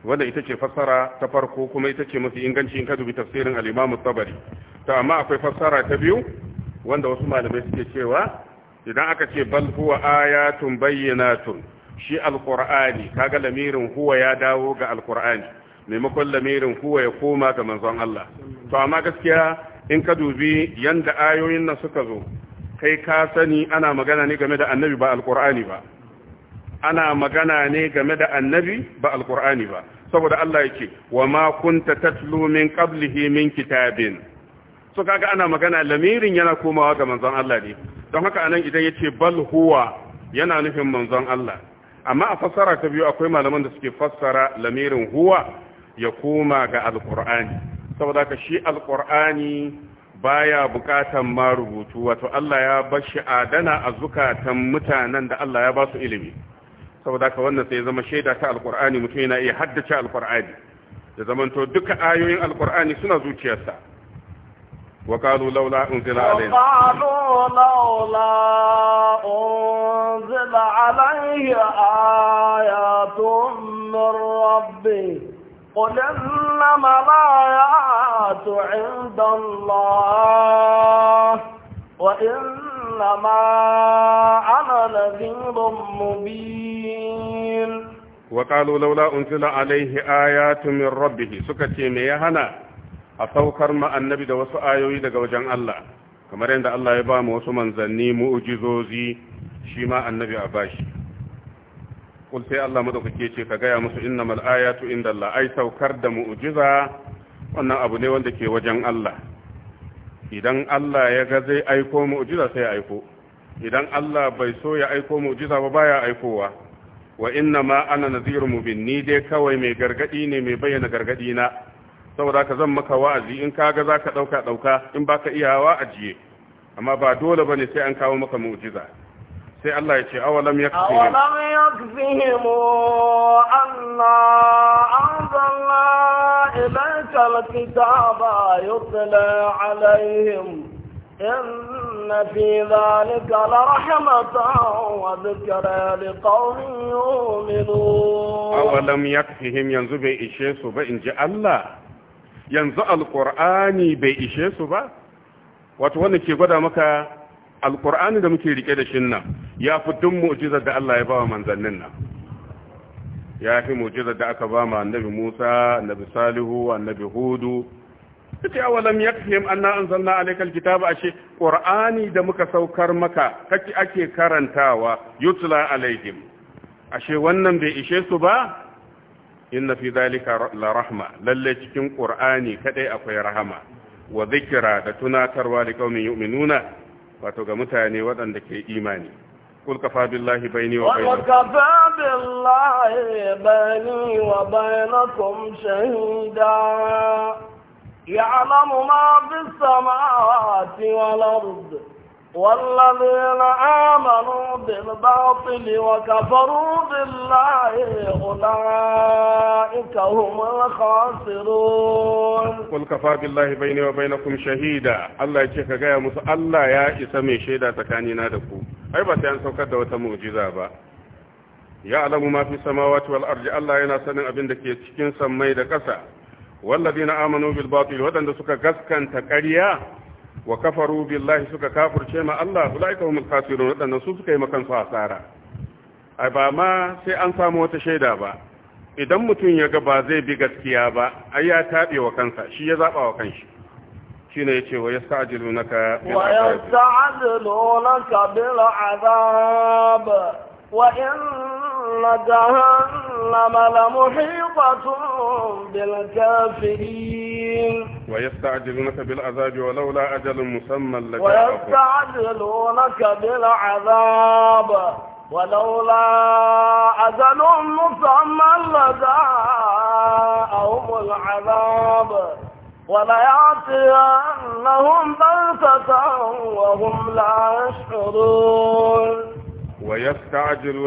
wanda ita ce fassara ta farko kuma ita ce mafi inganci in ka dubi tafsirin al-Imam Tabari to amma akwai fassara ta biyu wanda wasu malamai suke cewa idan aka ce bal huwa ayatun bayyinatun shi alqur'ani kaga lamirin huwa ya dawo ga alqur'ani maimakon lamirin huwa ya koma ga manzon Allah to amma gaskiya in ka dubi yanda ayoyin nan suka zo kai ka sani ana magana ne game da annabi ba alqur'ani ba ana magana ne game da annabi ba alqur'ani ba saboda Allah yake wa ma kunta tatlu min qablihi min kitabin so kaga ana magana lamirin yana komawa ga manzon Allah ne don haka anan idan yace bal huwa yana nufin manzon Allah amma a fassara ta biyu akwai malaman da suke fassara lamirin huwa ya koma ga alkur'ani saboda ka shi alkur'ani baya bukatan ma rubutu wato Allah ya bashi adana a zukatan mutanen da Allah ya ba su ilimi saboda ka wannan sai zama shaida ta alkur'ani mutum yana iya haddace alkur'ani da zamanto duka ayoyin alkur'ani suna zuciyarsa وقالوا لولا أنزل عليه وقالوا لولا أنزل عليه آيات من ربه قل إنما الآيات عند الله وإنما أنا نذير مبين وقالوا لولا أنزل عليه آيات من ربه سكتي ميهنا أتوكر مع النبي دوس آيوي دقوجان الله كما رأينا الله يبام وسمن زني مؤجزوزي شما النبي أباشي kul sai Allah madaukake ce ka gaya musu innamal ayatu inda Allah ai saukar da mu'jiza wannan abu ne wanda ke wajen Allah idan Allah ya ga zai aiko mu'jiza sai ya aiko idan Allah bai so ya aiko mu'jiza ba baya aikowa wa inna ma ana nadhirun mubin ni dai kawai mai gargadi ne mai bayyana gargadi na saboda ka zan maka wa'azi in ka ga zaka dauka dauka in baka hawa ajiye amma ba dole bane sai an kawo maka mu'jiza sai Allah ya ce awalam ya kafi awalam ya kafi mu anna anzalna ilayka alkitaba yutla alaihim إن في ذلك لرحمة وذكرى لقوم يؤمنون أولم يكفهم ينزو جاء الله ينزو القرآن ba? wato wannan ke gwada maka alkur'ani da muke rike da shin nan ya fi duk mu'jizar da Allah ya ba wa manzannin nan ya fi mu'jizar da aka ba ma annabi Musa annabi Salihu annabi Hudu kace awalam yakfihim anna anzalna alayka alkitaba ashe qur'ani da muka saukar maka kace ake karantawa yutla alaihim ashe wannan bai ishe su ba inna fi zalika la rahma lalle cikin qur'ani kadai akwai rahama wa dhikra da tunatarwa da qaumin yu'minuna wato ga mutane waɗanda ke imani kul kafa billahi baini wa bainakum wa kafa billahi baini wa bainakum shahida ya'lamu ma fis samawati wal ardh والذين آمنوا بالباطل وكفروا بالله أولئك هم الخاسرون قل كفى بالله بيني وبينكم شهيدا الله يجيك يا موسى الله يا اسمي شهيدا تكانينا دكو أي بس أن سوكد وتموجزا با يعلم ما في السماوات والأرض الله ينا سنن أبن دكي تكين سمي دكسا والذين آمنوا بالباطل ودن دسوك غسكا تكريا wa kafaru billahi suka kafurce ma Allah ulaika humul kafirun wadannan su suka yi makan su asara ai ba ma sai an samu wata shaida ba idan mutum ya ga ba zai bi gaskiya ba ai ya tabe wa kansa shi ya zaba wa kanshi shine yace wa yasta'jilunaka wa yasta'jilunaka bil azab وإن جهنم لمحيطة بالكافرين ويستعجلونك بالعذاب ولولا أجل مسمى لجاءهم ويستعجلونك بالعذاب ولولا أجل مسمى لجاءهم العذاب وليأتينهم بغتة وهم لا يشعرون wa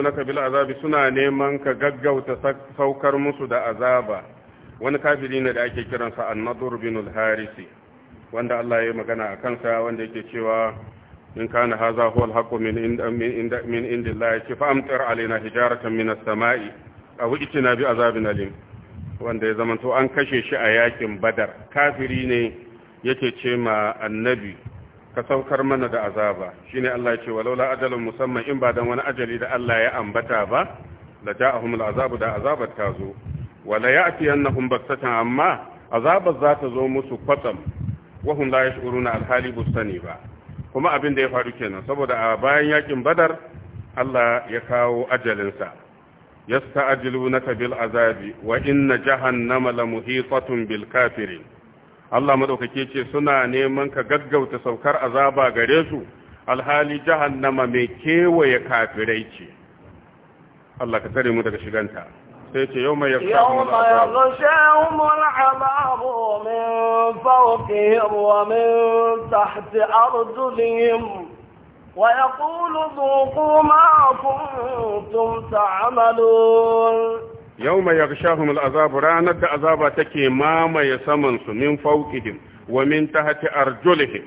na bil azabi suna neman ka gaggauta saukar musu da azaba wani kafiri ne da ake kiransa an bin al-harisi wanda Allah ya magana a kansa wanda yake cewa in kana haza huwa al-haqqu min inda min indillahi fa amtir alaina hijaratan min as-sama'i aw itina bi azabin alim wanda ya zamanto an kashe shi a yakin badar kafiri ne yake ce ma annabi ka saukar mana da azaba shine Allah ya ce walaula ajalin musamman in ba dan wani ajali da Allah ya ambata ba la ja'ahum al'azabu da azabar ta zo wala ya'tiyannahum baktatan amma azabar za ta zo musu kwatsam wa hum la yash'uruna alhali bustani ba kuma abin da ya faru kenan saboda a bayan yakin badar Allah ya kawo ajalinsa yasta'jilunaka bil azabi wa inna jahannama la muhitatun bil kafirin Allah madaukake ce suna neman ka gaggauta saukar azaba gare su alhali jahannama mai kewaye kafirai ce Allah ka tare mu daga shiganta sai ce yau mai yaghshahum al'azab min fawqihim wa min tahti arjulihim ويقول ذوقوا ما كنتم تعملون yau mai yarshahun al'azabu ranar da azaba take mamaye samansu min fauƙihim wa min ta hati arjulihim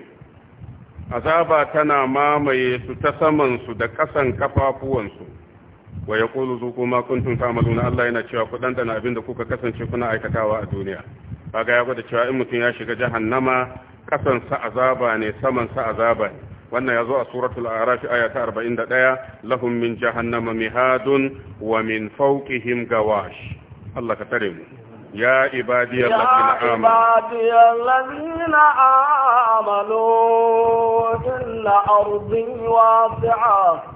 azaba tana mamaye su ta samansu da ƙasan kafafuwansu wa ya ƙulu zuku makuntun samalu na Allah yana cewa ku ɗanɗana abin da kuka kasance kuna aikatawa a duniya kaga ya gwada cewa in mutum ya shiga jahannama ƙasansa azaba ne samansa azaba ne wannan ya zo a suratul arafi aya ta arba'in da ɗaya lahun min jahannama mihadun wa min fauƙihim gawash Allah ka tare mu ya ibadiyar lafiyar amalo illa arzin wasi'a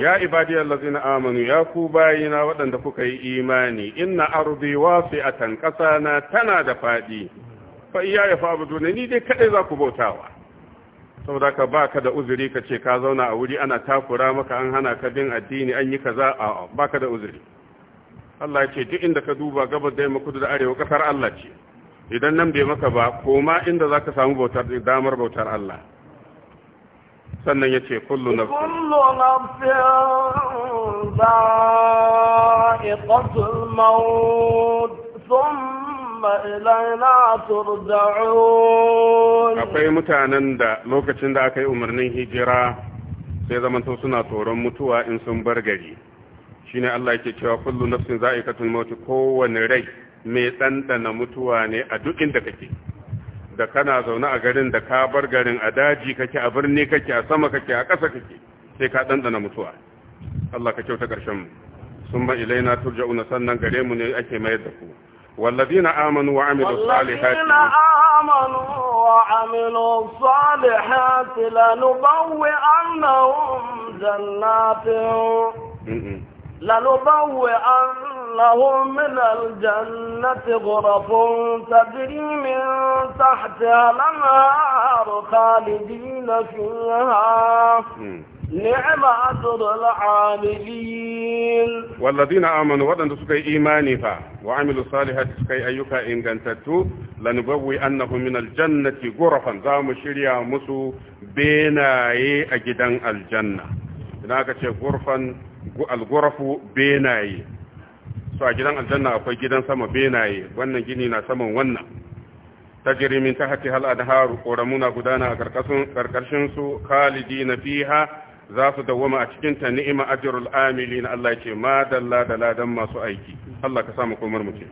Ya ibadi Allah na amanu ya ku bayina waɗanda kuka yi imani, ina arzi wasu a tankasa na tana da faɗi. fa iya ya ne ni dai kadai za ku bautawa saboda ka baka da uzuri ka ce ka zauna a wuri ana takura maka an hana ka bin addini an yi kaza a baka da uzuri Allah ce duk inda ka duba gabas da yamma da arewa kasar Allah ce idan nan bai maka ba koma inda zaka samu bautar damar bautar Allah sannan ya ce kullu na kullu na maut akwai mutanen da lokacin da aka yi umarnin hijira sai zamanto suna tsoron mutuwa in sun bar gari ne Allah ke cewa kullum nafsin za'iqatul maut kowane rai mai ɗanɗana mutuwa ne a duk inda kake da kana zaune a garin da ka bar garin a daji kake a birni kake a sama kake a ƙasa kake sai ka ɗanɗana mutuwa Allah ka kyauta ƙarshen mu sun ba ilaina turja'una sannan gare mu ne ake mayar da ku والذين آمنوا وعملوا الصالحات والذين آمنوا وعملوا الصالحات لنبوئنهم جنات لنبوئنهم من الجنة غرف تجري من تحتها الأنهار خالدين فيها نعم أجر العاملين والذين آمنوا ودن سكي إيماني فا وعملوا صالحات سكي أيوكا إن كنتتو لنبوي أنه من الجنة غرفا زام شريا مسو بيناي أجدا الجنة هناك غرفا الغرف بيناي so a gidan aljanna akwai gidan sama benaye wannan gini na saman wannan tajiri min tahti hal anharu koramuna gudana a karkashin su khalidi na fiha za su a cikin ta ni'ima ajrul amilin Allah ce ma dalla da ladan masu aiki Allah ka samu komar mu ce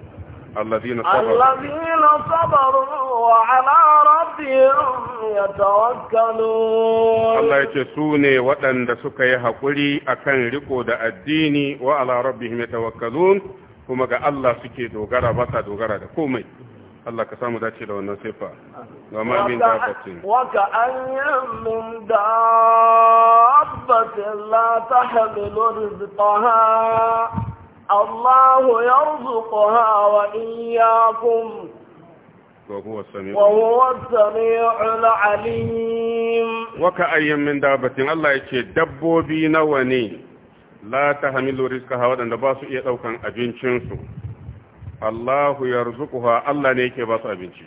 الذين صبروا الذين صبروا وعلى ربهم يتوكلون الله يce waɗanda suka yi hakuri akan riko da addini wa ala rabbihim yatawakkalun kuma ga Allah suke dogara ba sa dogara da komai Allah ka samu dace da wannan sefa. ga mamin da ka ce wa ka ayyam min dabbati la tahmilu rizqaha Allah yarzuqaha wa iyyakum wa huwa as-sami'u al-alim wa ka ayyam min dabbati Allah yake dabbobi nawa ne la tahmilu rizqaha waɗanda ba su iya ɗaukan abincinsu. Allahu yarzuquha Allah ne yake ba su abinci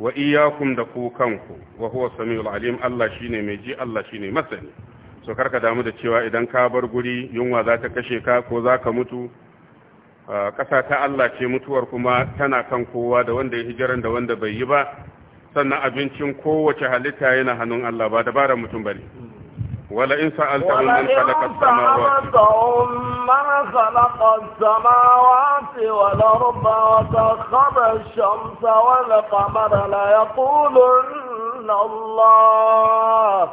wa iyyakum da ku kanku wa huwa samiul alim Allah shine mai ji Allah shine masani so karka damu da cewa idan ka bar guri yunwa za ta kashe ka ko za ka mutu ƙasa ta Allah ce mutuwar kuma tana kan kowa da wanda ya hijiran da wanda bai yi ba sannan abincin kowace halitta yana hannun Allah ba dabarar mutum bane ولئن سألتهم من خلق السماوات من خلق السماوات والأرض وسخر الشمس والقمر ليقولن الله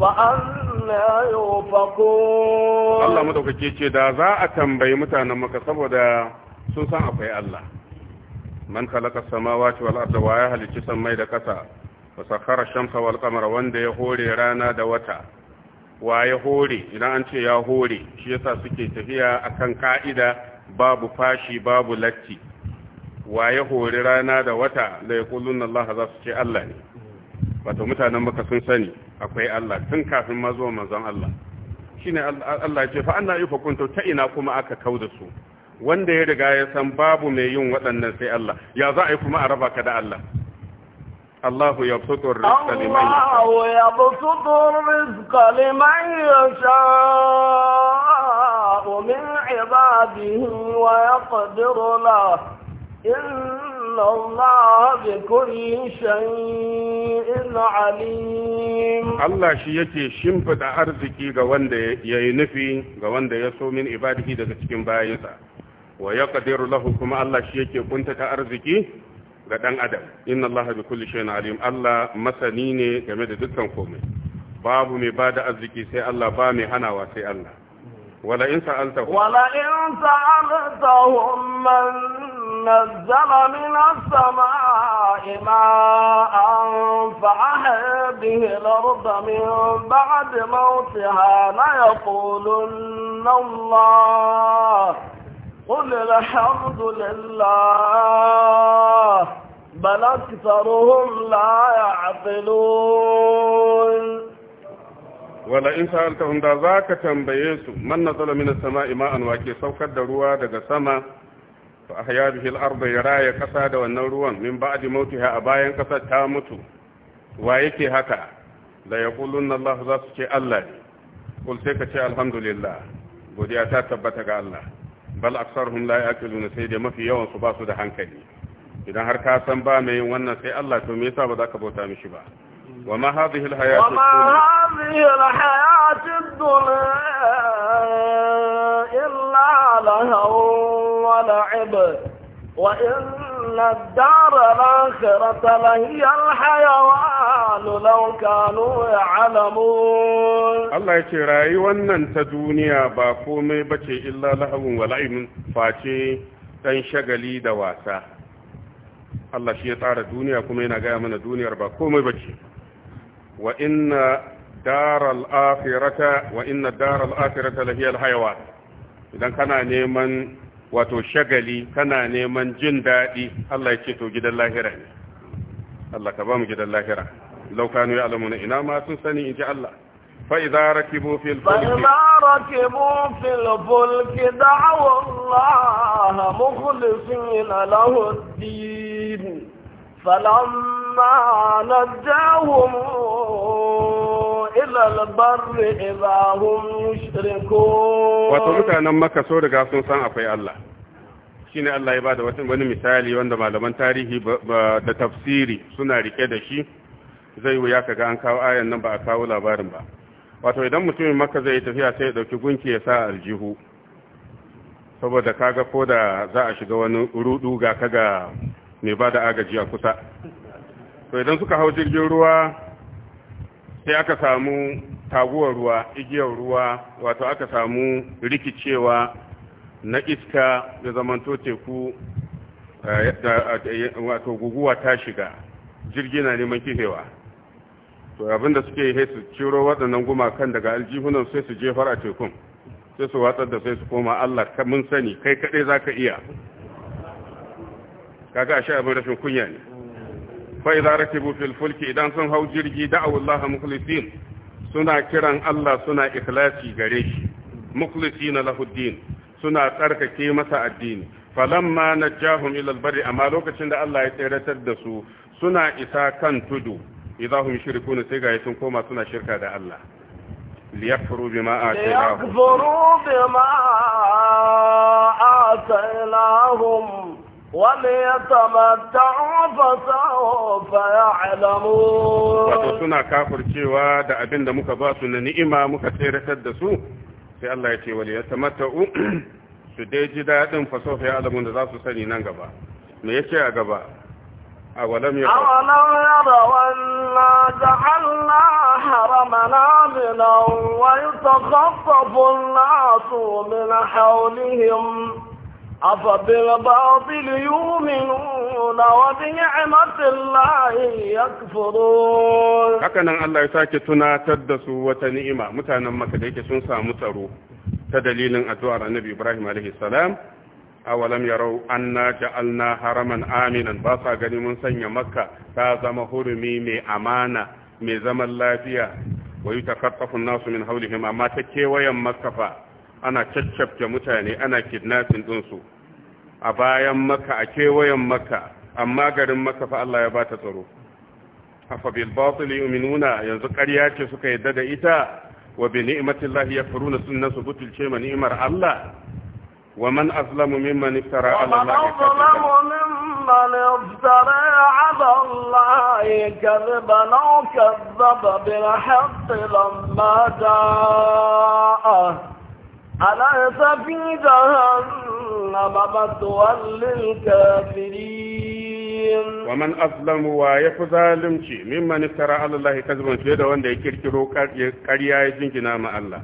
فأنا يوفقون الله مدوكي ce da za a tambayi mutanen maka saboda sun san akwai Allah man khalaqa samawati wal arda wa ya halicci sammai da kasa wa sakhara shamsa wal qamara wanda ya hore rana da wata wa ya hore idan an ce ya hore shi yasa suke tafiya akan ka'ida babu fashi babu latti wa ya hore rana da wata da ya kullun Allah za su ce Allah ne wato mutanen maka sun sani akwai Allah tun kafin ma zuwa manzon Allah shine Allah ce fa anna yufakuntu ta ina kuma aka kauda su wanda ya riga ya san babu mai yin waɗannan sai Allah ya za a yi kuma a raba ka da Allah الله يبسط الرزق لمن يشاء الله يبسط الرزق لمن يشاء من عباده ويقدر له إن الله بكل شيء عليم الله شي yake shimfida arziki ga wanda yayi nufi ga wanda ya so min ibadihi daga cikin bayinsa wa yaqdiru lahu kuma Allah shi yake kuntata arziki ga ɗan adam inna Allah bi kulli shay'in alim Allah masani ne game da dukkan komai babu mai da arziki sai Allah ba mai hanawa sai Allah wala in sa'alta wala in sa'altahum man nazzala min as-sama'i ma'an fa bihi al-ardha min ba'di mawtiha la yaqulunna Allah قل الحمد لله بل أكثرهم لا يعقلون ولئن سألتهم دا ذاك تنبيس من نزل من السماء ماء واكي سوكر دروا دغ سما فأحيا به الأرض يرايا كسا دا والنروان من بعد موتها أبايا كسا تامتو ويكي هكا لا يقولون الله ذاك الله قل سيكتي الحمد لله godiya ta tabbata ga Allah bal aksarhum la ya'kuluna sayda da mafi yawan su ba su da hankali idan har ka san ba mai wannan sai Allah to me yasa ba za ka bauta mishi ba wa ma hadhihi al hayatu wa ma hadhihi al hayatu dunya illa lahu wa la'ib وإن الدار الآخرة لهي الحيوان لو كانوا يعلمون الله يترى wannan ta duniya ba komai bace illa lahawun wala'im face dan shagali da wasa Allah shi ya tsara duniya kuma yana gaya mana duniyar ba komai ce wa inna daral akhirata wa inna daral idan kana neman wato shagali kana neman jin daɗi Allah ya ce to gidan lahira ne Allah ka ba mu gidan lahira law kanu ya'lamuna ina ma sun sani in ji Allah فإذا ركبوا في الفلك فإذا ركبوا في الفلك دعوا الله مخلصين له الدين فلما نجاهم وإلى hum yushrikun wato mutanen Makka so daga sun san akwai Allah, shine Allah ya bada wani misali wanda malaman tarihi da tafsiri suna rike da shi zai wuya kaga an kawo ayan nan ba a kawo labarin ba wato idan mutumin Makka zai yi tafiya sai ya dauki gunki ya sa aljihu saboda kaga ko da za a shiga wani rudu ga kaga mai bada agaji a kusa to idan suka hau jirgin ruwa sai aka samu taguwar ruwa igiyar ruwa wato aka samu rikicewa na iska da zamanto teku eh, eh, wato guguwa ta shiga jirgi na neman kifewa to abinda suke yi su ciro waɗannan gumakan daga aljihunan sai su jefar a tekun sai su watsar da sai su koma Allah mun sani kai kaɗai za ka iya kaga a sha abin rashin kunya ne fa idza rakibu fil fulki idan sun hau jirgi da'u Allah mukhlisin suna kiran Allah suna ikhlasi gare shi mukhlisin lahu din suna tsarkake masa addini falamma najahum ila albarri amma lokacin da Allah ya tsaratar da su suna isa kan tudu idahum yushrikuna sai ga sun koma suna shirka da Allah ليكفروا بما آتيناهم ليكفروا بما آتيناهم وليتمتعوا فسوف يعلمون wato suna kafircewa da abin da muka ba su na ni'ima muka tseratar da su sai Allah ya ce u [clears throat] su dai ji daɗin faso ya alamun da za su sani nan gaba me yake a gaba أولم يروا أولم يروا أفبالباطل يؤمنون وبنعمة الله يكفرون haka nan Allah ya sake tunatar da su wata ni'ima mutanen Makka yake sun samu tsaro ta dalilin addu'ar Annabi Ibrahim alaihi salam awalam yarau anna ja'alna haraman aminan ba sa gani mun sanya maka ta zama hurumi mai amana mai zaman lafiya wa yutakaffafu an-nasu min hawlihim amma ta kewayen makafa? ana caccabce mutane ana kidnapping ɗinsu a bayan maka a kewayen maka amma garin maka fa Allah ya ba ta tsaro afa bil batil yu'minuna yanzu ƙarya ce suka yadda da ita wa bi ni'matillahi yakfuruna sunnan su butulce ma ni'mar Allah wa man azlamu mimman iftara ala Allah mimman iftara ala Allah kadhiban aw kadhaba bil haqqi lamma jaa'a أليس في جهنم مثوى للكافرين ومن أظلم ويفزى لمشي ممن افترى على الله كذبا شهد وان يكركروا كريا يجنجنا مع الله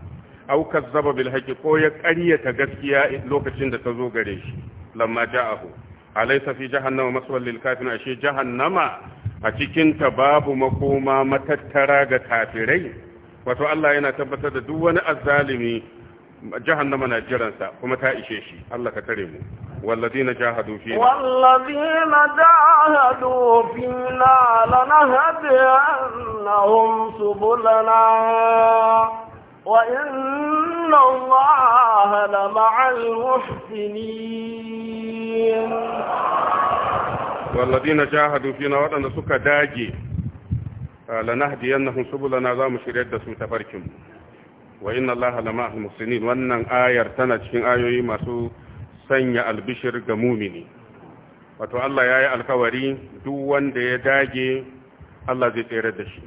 أو كذب بالحق قوية كريا تغسكيا لوكشن تزو غريش لما جاءه أليس في جهنم مثوى للكافرين أشي جهنم أتكين تباب مقوما متترى كافرين wato Allah yana tabbatar da duk wani azzalimi jahannama na jiransa kuma ta ishe shi Allah ka kare mu wallazina jahadu fi wallazina jahadu fi na lanahdihum subulana wa inna allaha la ma'al muhsinin wallazina jahadu fi na wadanda suka dage lanahdihum subulana za mu shirye da su tafarkin mu wa inna allaha lama al-muhsinin wannan ayar tana cikin ayoyi masu sanya albishir ga mumini wato Allah ya yi alkawari duk wanda ya dage Allah zai tsere da shi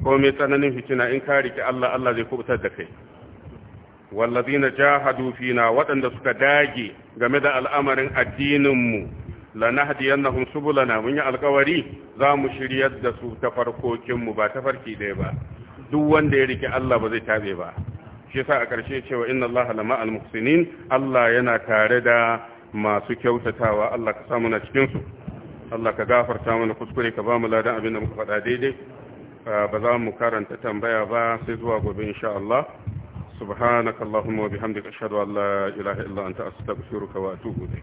ko mai tsananin fitina in ka rike Allah Allah zai kubutar da kai wallazina jahadu fina waɗanda suka dage game da al'amarin addininmu lanahdiyannahum subulana mun yi alkawari za mu shiryar da su ta farkokinmu ba ta farki ɗaya ba duk wanda ya rike Allah ba zai tabe ba shi yasa a ƙarshe cewa inna Allah lama al-muhsinin Allah yana tare da masu kyautatawa Allah ka samu na cikin su Allah ka gafarta mana kuskure ka bamu ladan abin da muka faɗa daidai ba za mu karanta tambaya ba sai zuwa gobe insha Allah subhanakallahumma wa bihamdika ashhadu an la ilaha illa anta astaghfiruka wa atubu ilayk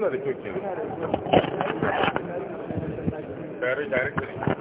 suna da kyau kenan tare tare